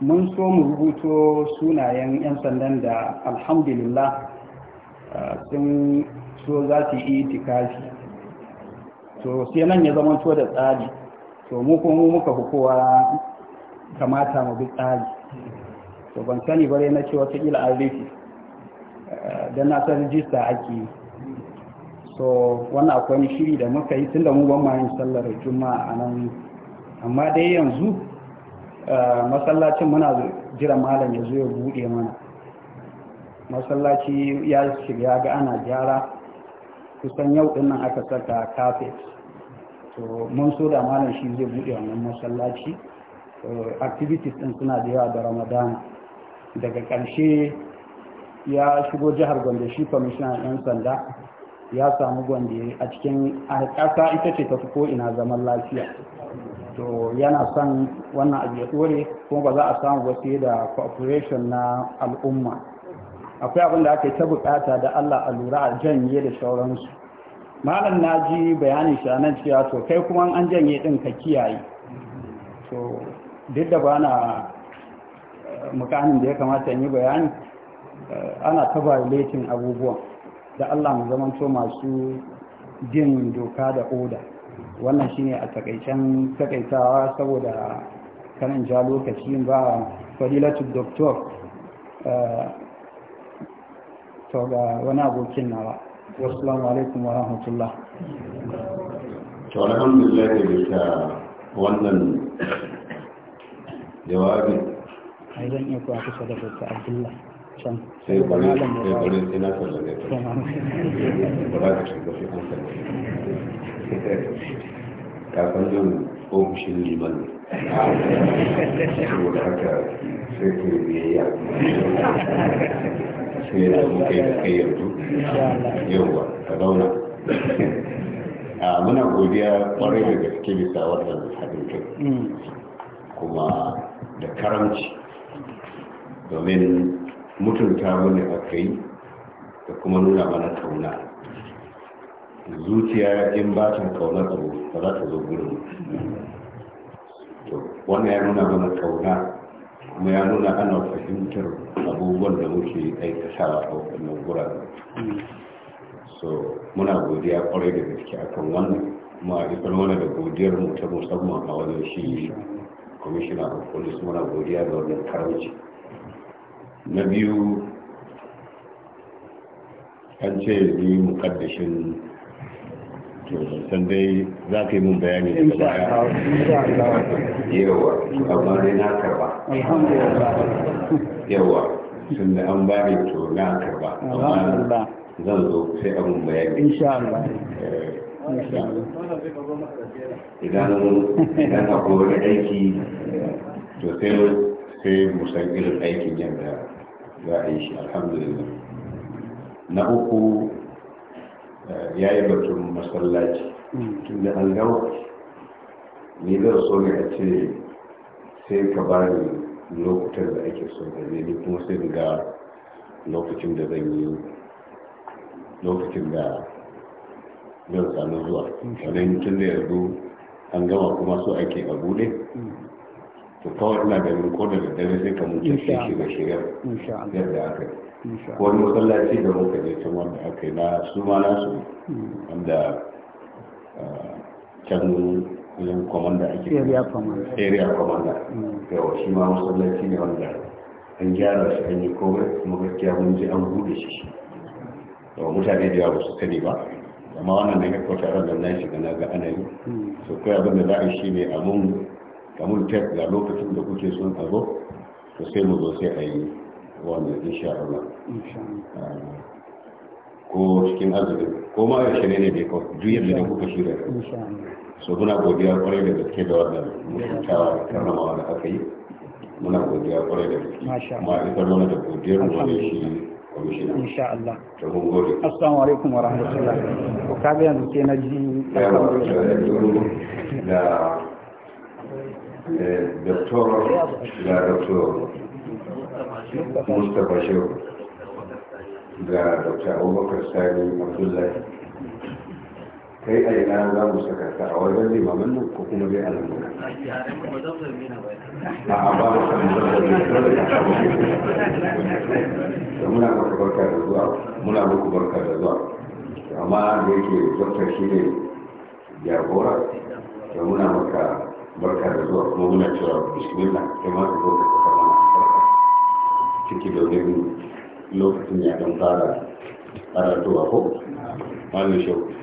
mun so mu rubuto sunayen 'yan sandan da alhamdulillah sun so za su yi itikafi to sai nan ya zama to da tsari to mu kuma muka fi kowa kamata mu bi tsari to ban sani bare na ce wata kila an rufe eh, don na san rijista ake yi so wannan akwai wani shiri da muka yi tunda mu ban ma yin sallar juma'a a nan amma dai yanzu eh, masallacin muna jira malam ya zo ya bude mana masallaci ya shiga ga ana gyara kusan yau din nan aka saka carpet to mun so da malam shi zai bude wannan masallaci Eh, activities din suna da yawa da ramadan daga ƙarshe ya shigo jihar gombe shi commissioner 'yan sanda ya samu gombe a cikin ƙasa ita ce ta fi ina zaman lafiya to yana son wannan abu ya ɗore kuma ba za a samu wasu da cooperation na al'umma akwai abin da aka yi ta bukata da allah a lura a janye da sauransu malam na ji bayanin shi a cewa to kai kuma an janye ɗin ka kiyaye duk da ba na eh, mukamin da ya kamata yi bayani eh, ana taba violating abubuwan da Allah mu zamanto masu jin doka da oda wannan shine a takaicen takaitawa saboda kanan ja lokaci ba fadilatu doctor eh, to ga wani abokin nawa wasu alaikum wa rahmatullah to alhamdulillah da wannan jawabi ai zan iya kuwa kusa da kusa abdullah can sai bari sai bari sai na sallame ta ba za ka shiga an sallame kafin zan ofishin liman saboda haka sai ku yi biyayya sai da muka yi da kai yanzu ka zauna a muna godiya kwarai da gaske bisa wannan haɗin kai mm. kuma da karamci domin mutunta wani aka yi da kuma nuna mana kauna zuciya in ba ta kauna abu ba za ta zo To wannan ya nuna mana kauna kuma ya nuna ana fahimtar abubuwan da muke aikatawa a wannan guraren so muna godiya kwarai da gaske akan wannan kuma a isar mana da godiyar mu ta musamman a wajen shi commissioner of police muna godiya ga wannan karamci na biyu an ce ni mukaddashin to san dai za ka yi mun bayani da baya yawa amma dai na karba yawa tun da an ba ni to na karba amma zan zo sai abun bayani idan idan akwai wani aiki to sai sai musan irin aikin yadda za a yi shi alhamdulillah na uku eh, ya yi batun masallaci tun da an gawa ni zan so ne a ce sai ka ba ni lokutan da ake so da ne ni kuma sai ga lokacin da zan yi lokacin da zan samu zuwa sannan tun da yanzu an gama kuma su ake a bude to kawai ina ganin ko da daddare sai ka mutu shi da shigar yadda aka yi wani masallaci da muka je can wanda aka yi na su ma nasu hmm. wanda ah, can wajen kwamanda ake area kwamanda hmm. yawa shi ma masallaci ne wanda an gyara shi an yi komai kuma gaskiya mun ji an bude shi yawa mutane da yawa ba su sani ba amma wannan da ya kwata ran nan shiga na ga ana yi so kai abin da za a yi shi ne a mun kamun tek ga lokacin da kuke son a zo to sai mu zo sai a yi wannan insha Allah ah, ko cikin azumin ko ma a shirye ne bai kawai duk yadda da kuka shirya so muna godiya kwarai da gaske da wannan mutuntawa da karnama da aka yi muna godiya kwarai da gaske kuma wani da godiyar mu wani shi insha Allah assalamu alaikum wa rahmatullah ko ka ga yanzu na ji da eh, doktor da doktor Mustapha Shehu da Dr. Abubakar Sani Abdullahi kai a ina za mu saka ta a wajen limamin nan ko kuma bai alam ba a ba mu san da muna muku barka da zuwa muna muku barka da zuwa amma da yake doktor shi ne jagora da muna maka barka da zuwa kuma muna cewa bismillah kai ma ka zo ka saka mana barka ciki domin lokacin ya dan fara karatowa ko malam shauku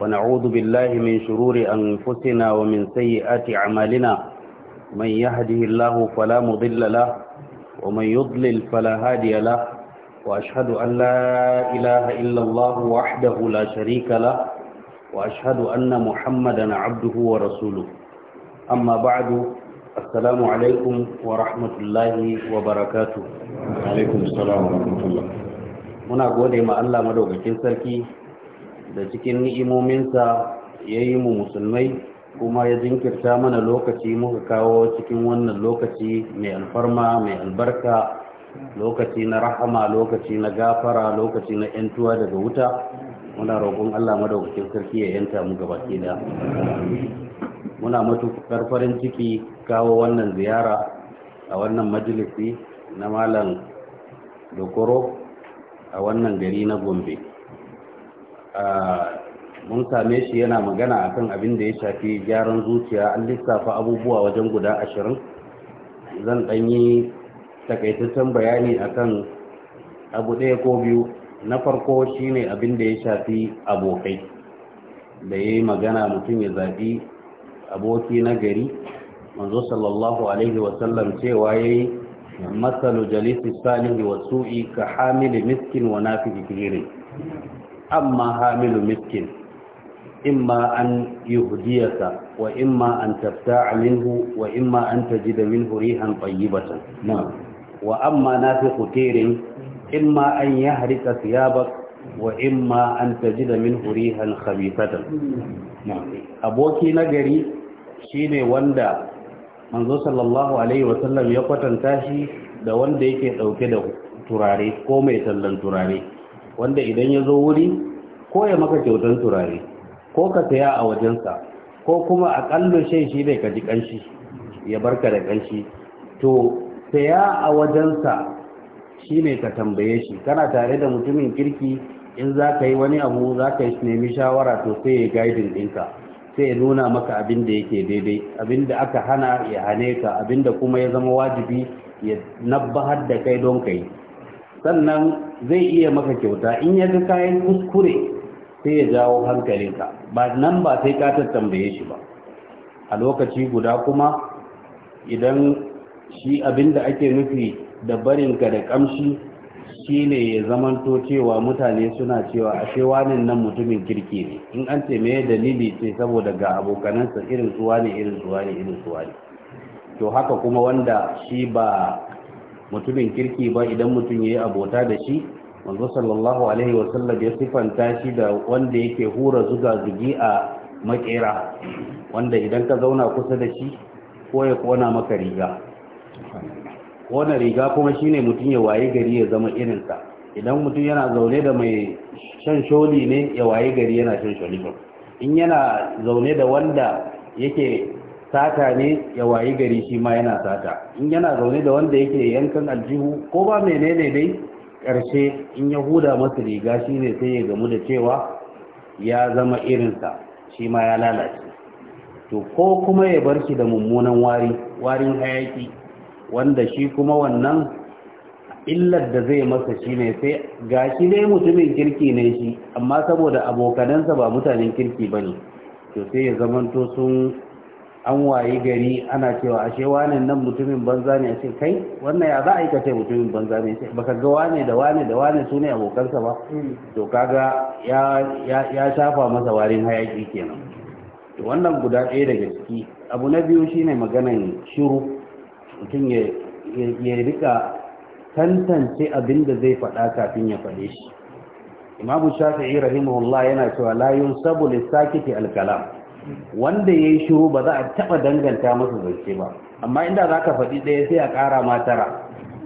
ونعوذ بالله من شرور أنفسنا ومن سيئات أعمالنا من يهده الله فلا مضل له ومن يضلل فلا هادي له وأشهد أن لا إله إلا الله وحده لا شريك له وأشهد أن محمدا عبده ورسوله أما بعد السلام عليكم ورحمة الله وبركاته عليكم السلام ورحمة الله muna gode ma Allah madaukakin sarki da cikin ni'imominsa ya yi mu musulmai kuma ya jinkirta mana lokaci muka kawo cikin wannan lokaci mai alfarma mai albarka lokaci na rahama lokaci na gafara lokaci na yantuwa daga wuta muna roƙon allah madaukakin sarki ya yanta mu gaba da muna matuƙar farin ciki kawo wannan ziyara a wannan majalisi na malam dokoro a wannan gari na gombe mun same shi yana magana a kan abin da ya shafi gyaran zuciya an lissafa abubuwa wajen guda ashirin zan ɗanyi takaitaccen bayani akan abu ɗaya ko biyu na farko shi ne abin da ya shafi abokai da ya yi magana mutum ya zaɓi aboki na gari manzo sallallahu alaihi wasallam cewa ya yi matsalo jalisi salihi wasu'i ka hamili miskin wa nafi amma hamilu miskin imma an yuhdiyaka wa imma an tabta'a minhu wa imma an tajida minhu rihan tayyibatan na'am wa amma nafiqu tirin imma an yahrika thiyabak wa imma an tajida minhu rihan khabithatan na'am aboki nagari shine wanda manzo sallallahu alaihi wasallam ya kwatanta shi da wanda yake dauke da turare ko mai sallan turare wanda idan ya zo wuri ko ya maka kyautan turare ko ka saya a wajensa ko kuma a ƙallon shai shi ne ka ji ƙanshi ya barka da ƙanshi to saya a wajensa shi ne ka tambaye shi kana tare da mutumin kirki in za ka yi wani abu za ka yi nemi shawara to sai ya gaidin ɗinka sai ya nuna maka abin da yake daidai abin da aka hana ya hane ka abin da kuma ya zama wajibi ya nabbahar da kai don ka yi. sannan zai iya maka kyauta in ya ga kayan kuskure sai ya jawo hankalinka ba nan ba sai ka tattambaye shi ba a lokaci guda kuma idan shi abin da ake nufi da barinka da kamshi shine ya zamanto cewa mutane suna cewa a shewanin nan mutumin kirki ne in an ce mai dalili ce saboda ga abokanansa irin zuwa ne irin zuwa ne irin zuwa ne to haka kuma wanda shi ba mutumin kirki ba idan mutum ya yi abota da shi manzo sallallahu alaihi wasallam ya sifanta shi da wanda yake hura zuga zugi a makera wanda idan ka zauna kusa da shi ko ya kona maka riga kona riga kuma shine mutum ya waye gari ya zama irinsa idan mutum yana zaune da mai shan sholi ne ya waye gari yana shan sholi in yana zaune da wanda yake sata ne ya wayi gari shi ma yana sata in yana zaune da wanda yake yankan aljihu ko ba menene dai Karshe in ya huda masa riga shi ne sai ya gamu da cewa ya zama irinsa shi ma ya lalace to ko kuma ya bar shi da mummunan wari warin hayaki wanda shi kuma wannan illar da zai masa shi ne sai ga shi dai mutumin kirki ne shi amma saboda abokanansa ba mutanen kirki ba ne to sai ya zamanto sun an wayi gari ana cewa ashe wane nan mutumin banza ne ce kai wannan ya za a yi mutumin banza ne ce baka ga wane da wane da wane su ne abokansa ba mm. to kaga ya shafa masa warin hayaki kenan to wannan guda ɗaya daga ciki abu na biyu shine maganan shiru mutum ya rika tantance abin da zai faɗa kafin ya faɗe shi imamu shafi'i rahimahullah yana cewa la yunsabu lisakiti alkalam wanda ya yi shiru ba za a taɓa danganta masa zance ba amma inda za ka faɗi ɗaya sai a ƙara ma tara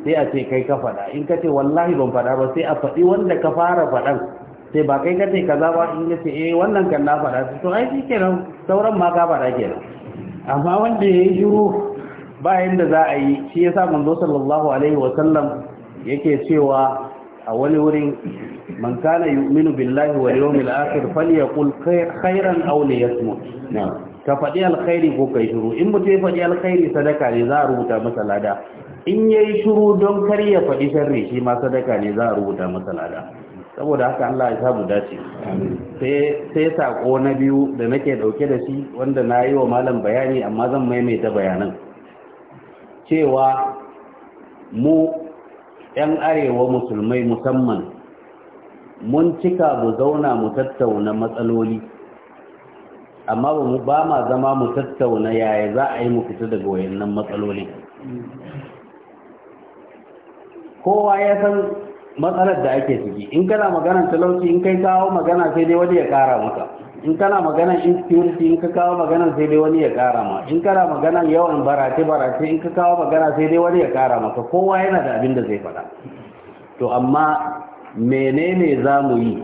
sai a ce kai ka faɗa in ka ce wallahi ban faɗa ba sai a faɗi wanda ka fara faɗan sai ba kai ka ce kaza ba in ka ce eh wannan kan na faɗa to ai shi kenan sauran ma ka faɗa kenan amma wanda ya yi shiru ba yanda za a yi shi ya sa manzo sallallahu alaihi wa sallam yake cewa a wani wurin man kana yu'minu billahi wal yawmil akhir falyaqul khairan aw liyasmut ka faɗi alkhairi ko kai shiru in mutum ya faɗi alkhairi sadaka ne za a rubuta masa lada in yayi shiru don kar faɗi sharri shi ma sadaka ne za a rubuta masa saboda haka Allah ya samu dace sai sako na biyu da nake ɗauke da shi wanda na yi wa malam bayani amma zan maimaita bayanan cewa mu 'yan arewa musulmai musamman mun cika mu zauna mu tattauna matsaloli amma ba ma zama mu tattauna yaya za a yi mu fita daga wayannan matsaloli kowa ya san matsalar da ake ciki in kana maganar talauci in kai kawo magana sai dai wani ya kara maka in kana maganar insecurity in ka kawo magana sai dai wani ya kara ma in kana maganar yawan barace barace in ka kawo magana sai dai wani ya kara maka kowa yana da abin da zai faɗa to amma menene za mu yi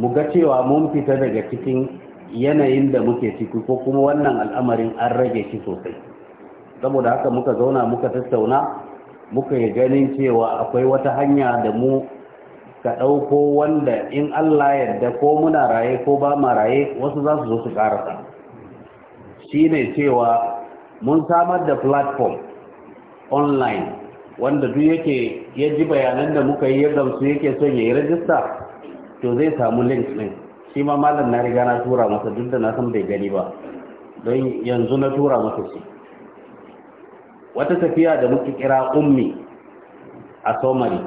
mu ga cewa mun fita daga cikin yanayin da muke ciki ko kuma wannan al'amarin an rage shi sosai saboda haka muka zauna muka tattauna muka yi ganin cewa akwai wata hanya da mu ka ɗauko wanda in Allah yadda ko muna raye ko ba ma raye wasu za su zo su ƙarasa shi ne cewa mun samar da platform online wanda duk yake ya ji bayanan da muka yi ya gamsu yake son ya yi rajista to zai samu link ɗin shi ma malam na riga na tura masa duk da na san bai gani ba don yanzu na tura masa shi wata tafiya da muka kira ummi a somari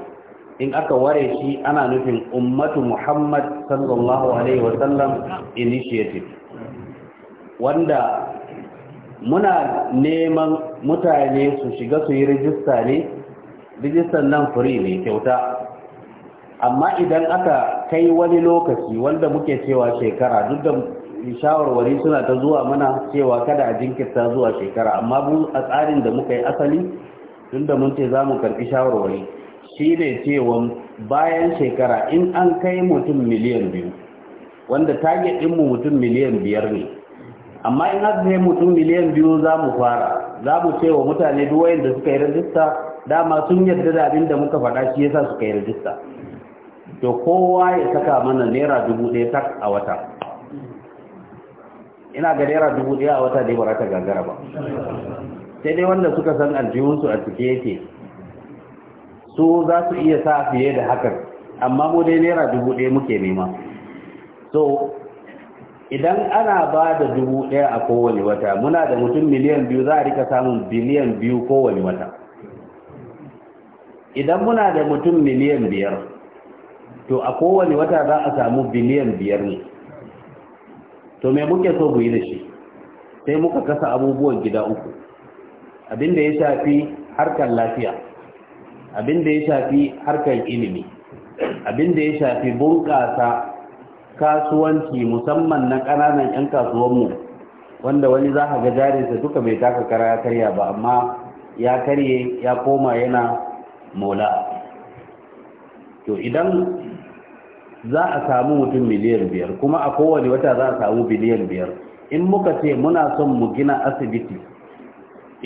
in aka ware shi ana nufin ummatu muhammad sallallahu alaihi Sallam initiative wanda muna neman mutane su shiga su yi rijista ne rijistar nan firi ne kyauta amma idan aka kai wani lokaci wanda muke cewa shekara duk da shawarwari suna ta zuwa mana cewa kada a jinkirta zuwa shekara amma mu a tsarin da muka yi asali tun da mun ce za mu karfi shawarwari shi ne cewa bayan shekara in an kai mutum miliyan biyu wanda target mu mutum miliyan biyar ne amma in aka kai mutum miliyan biyu za mu fara za mu ce mutane duk wayanda suka yi rajista dama sun yarda da abin da muka faɗa shi yasa suka yi rajista to kowa ya saka mana naira dubu ɗaya tak a wata ina ga naira dubu ɗaya a wata dai ba ta gagara ba sai dai wanda suka san aljihunsu a cike yake su za su iya sa fiye da haka amma mu dai naira dubu ɗaya muke nema so idan ana ba da dubu ɗaya a kowane wata muna da mutum miliyan biyu za a rika samun biliyan biyu kowane wata idan muna da mutum miliyan biyar to a kowane wata za a samu biliyan biyar ne to me muke so mu yi da shi sai muka kasa abubuwan gida uku abinda ya shafi harkar lafiya abinda ya shafi harkar ilimi abinda ya shafi bunƙasa kasuwanci musamman na ƙananan 'yan kasuwanmu wanda wani za ga jarinsa duka mai taka kara ya karya ba amma ya karye ya koma yana Mola, to idan za a samu mutum miliyan biyar kuma a kowane wata za a samu biliyan biyar in muka ce muna son mu gina asibiti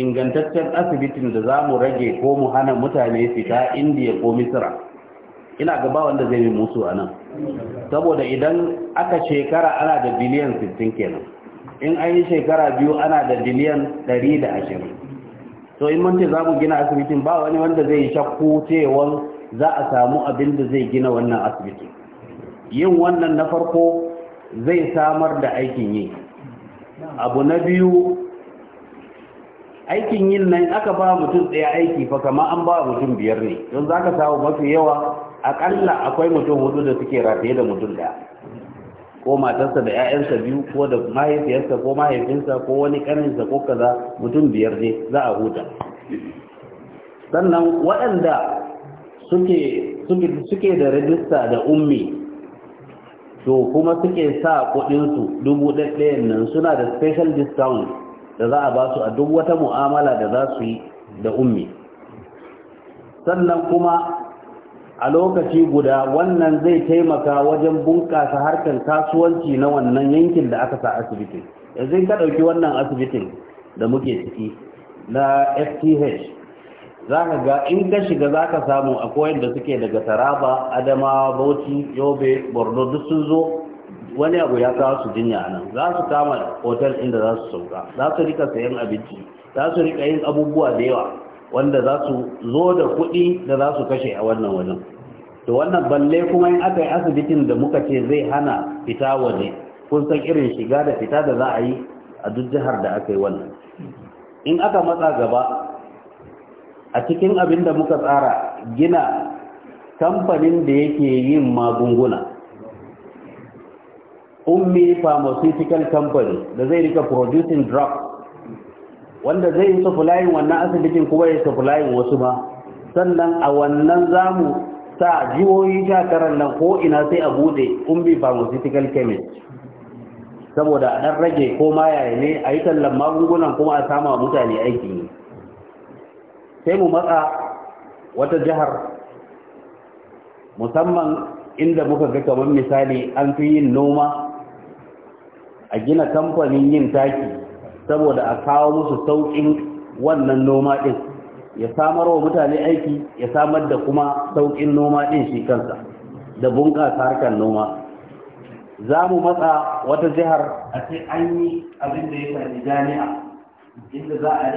ingantaccen asibitin da za mu rage ko mu hana mutane fita indiya ko misira ina gaba wanda zai yi musu a nan saboda idan aka shekara ana da biliyan 60 kenan in an yi shekara biyu ana da biliyan 120 to in mun ce za mu gina asibitin ba wani wanda zai shakku cewa za a samu abin da zai gina wannan asibiti yin wannan na farko zai samar da aikin yi abu na biyu aikin yin nan aka ba mutum ɗaya aiki fa kamar an ba mutum biyar ne don za ka samu mafi yawa akalla akwai mutum hudu da suke rataye da mutum ɗaya ko matarsa da 'ya'yansa biyu ko da mahaifiyarsa ko mahaifinsa ko wani kaninsa ko kaza mutum biyar ne za a huta sannan waɗanda suke da rajista da ummi to kuma suke sa kuɗinsu dubu ɗaɗɗayan nan suna da special discount da za a ba su a duk wata mu'amala da za su yi da ummi sannan kuma a lokaci guda wannan zai taimaka wajen bunƙasa harkar kasuwanci na wannan yankin da aka sa asibitin yanzu ka ɗauki wannan asibitin da muke ciki na fth za ka ga in ka shiga za ka samu akwai da suke daga taraba adama bauchi yobe borno duk sun zo wani abu ya kawo su jinya nan za su kama hotel inda za su sauka za su rika sayan abinci za su rika yin abubuwa da yawa wanda za su zo da kuɗi da za su kashe a wannan wajen to wannan balle kuma in aka yi asibitin da muka ce zai hana fita waje kun san irin shiga da fita da za a yi a duk jihar da aka yi wannan in aka matsa gaba a cikin abin da muka tsara gina kamfanin da yake yin magunguna ummi pharmaceutical company da zai rika producing drugs wanda zai yi sufulayin wannan asibitin kuma ya sufulayin wasu ba sannan a wannan zamu sa jihohi shakarar nan ko ina sai a bude kumbi pharmaceutical chemist saboda a ɗan rage ko mayaye ne a yi tallan magungunan kuma a sama mutane aiki ne sai mu matsa wata jihar musamman inda muka ga kamar misali an fi yin noma a gina kamfanin yin taki saboda a kawo musu sauƙin wannan noma ɗin ya samar wa mutane aiki ya samar da kuma sauƙin noma ɗin shi kansa da bunƙasa harkar noma za mu matsa wata jihar a sai an yi abin da ya shafi jami'a inda za a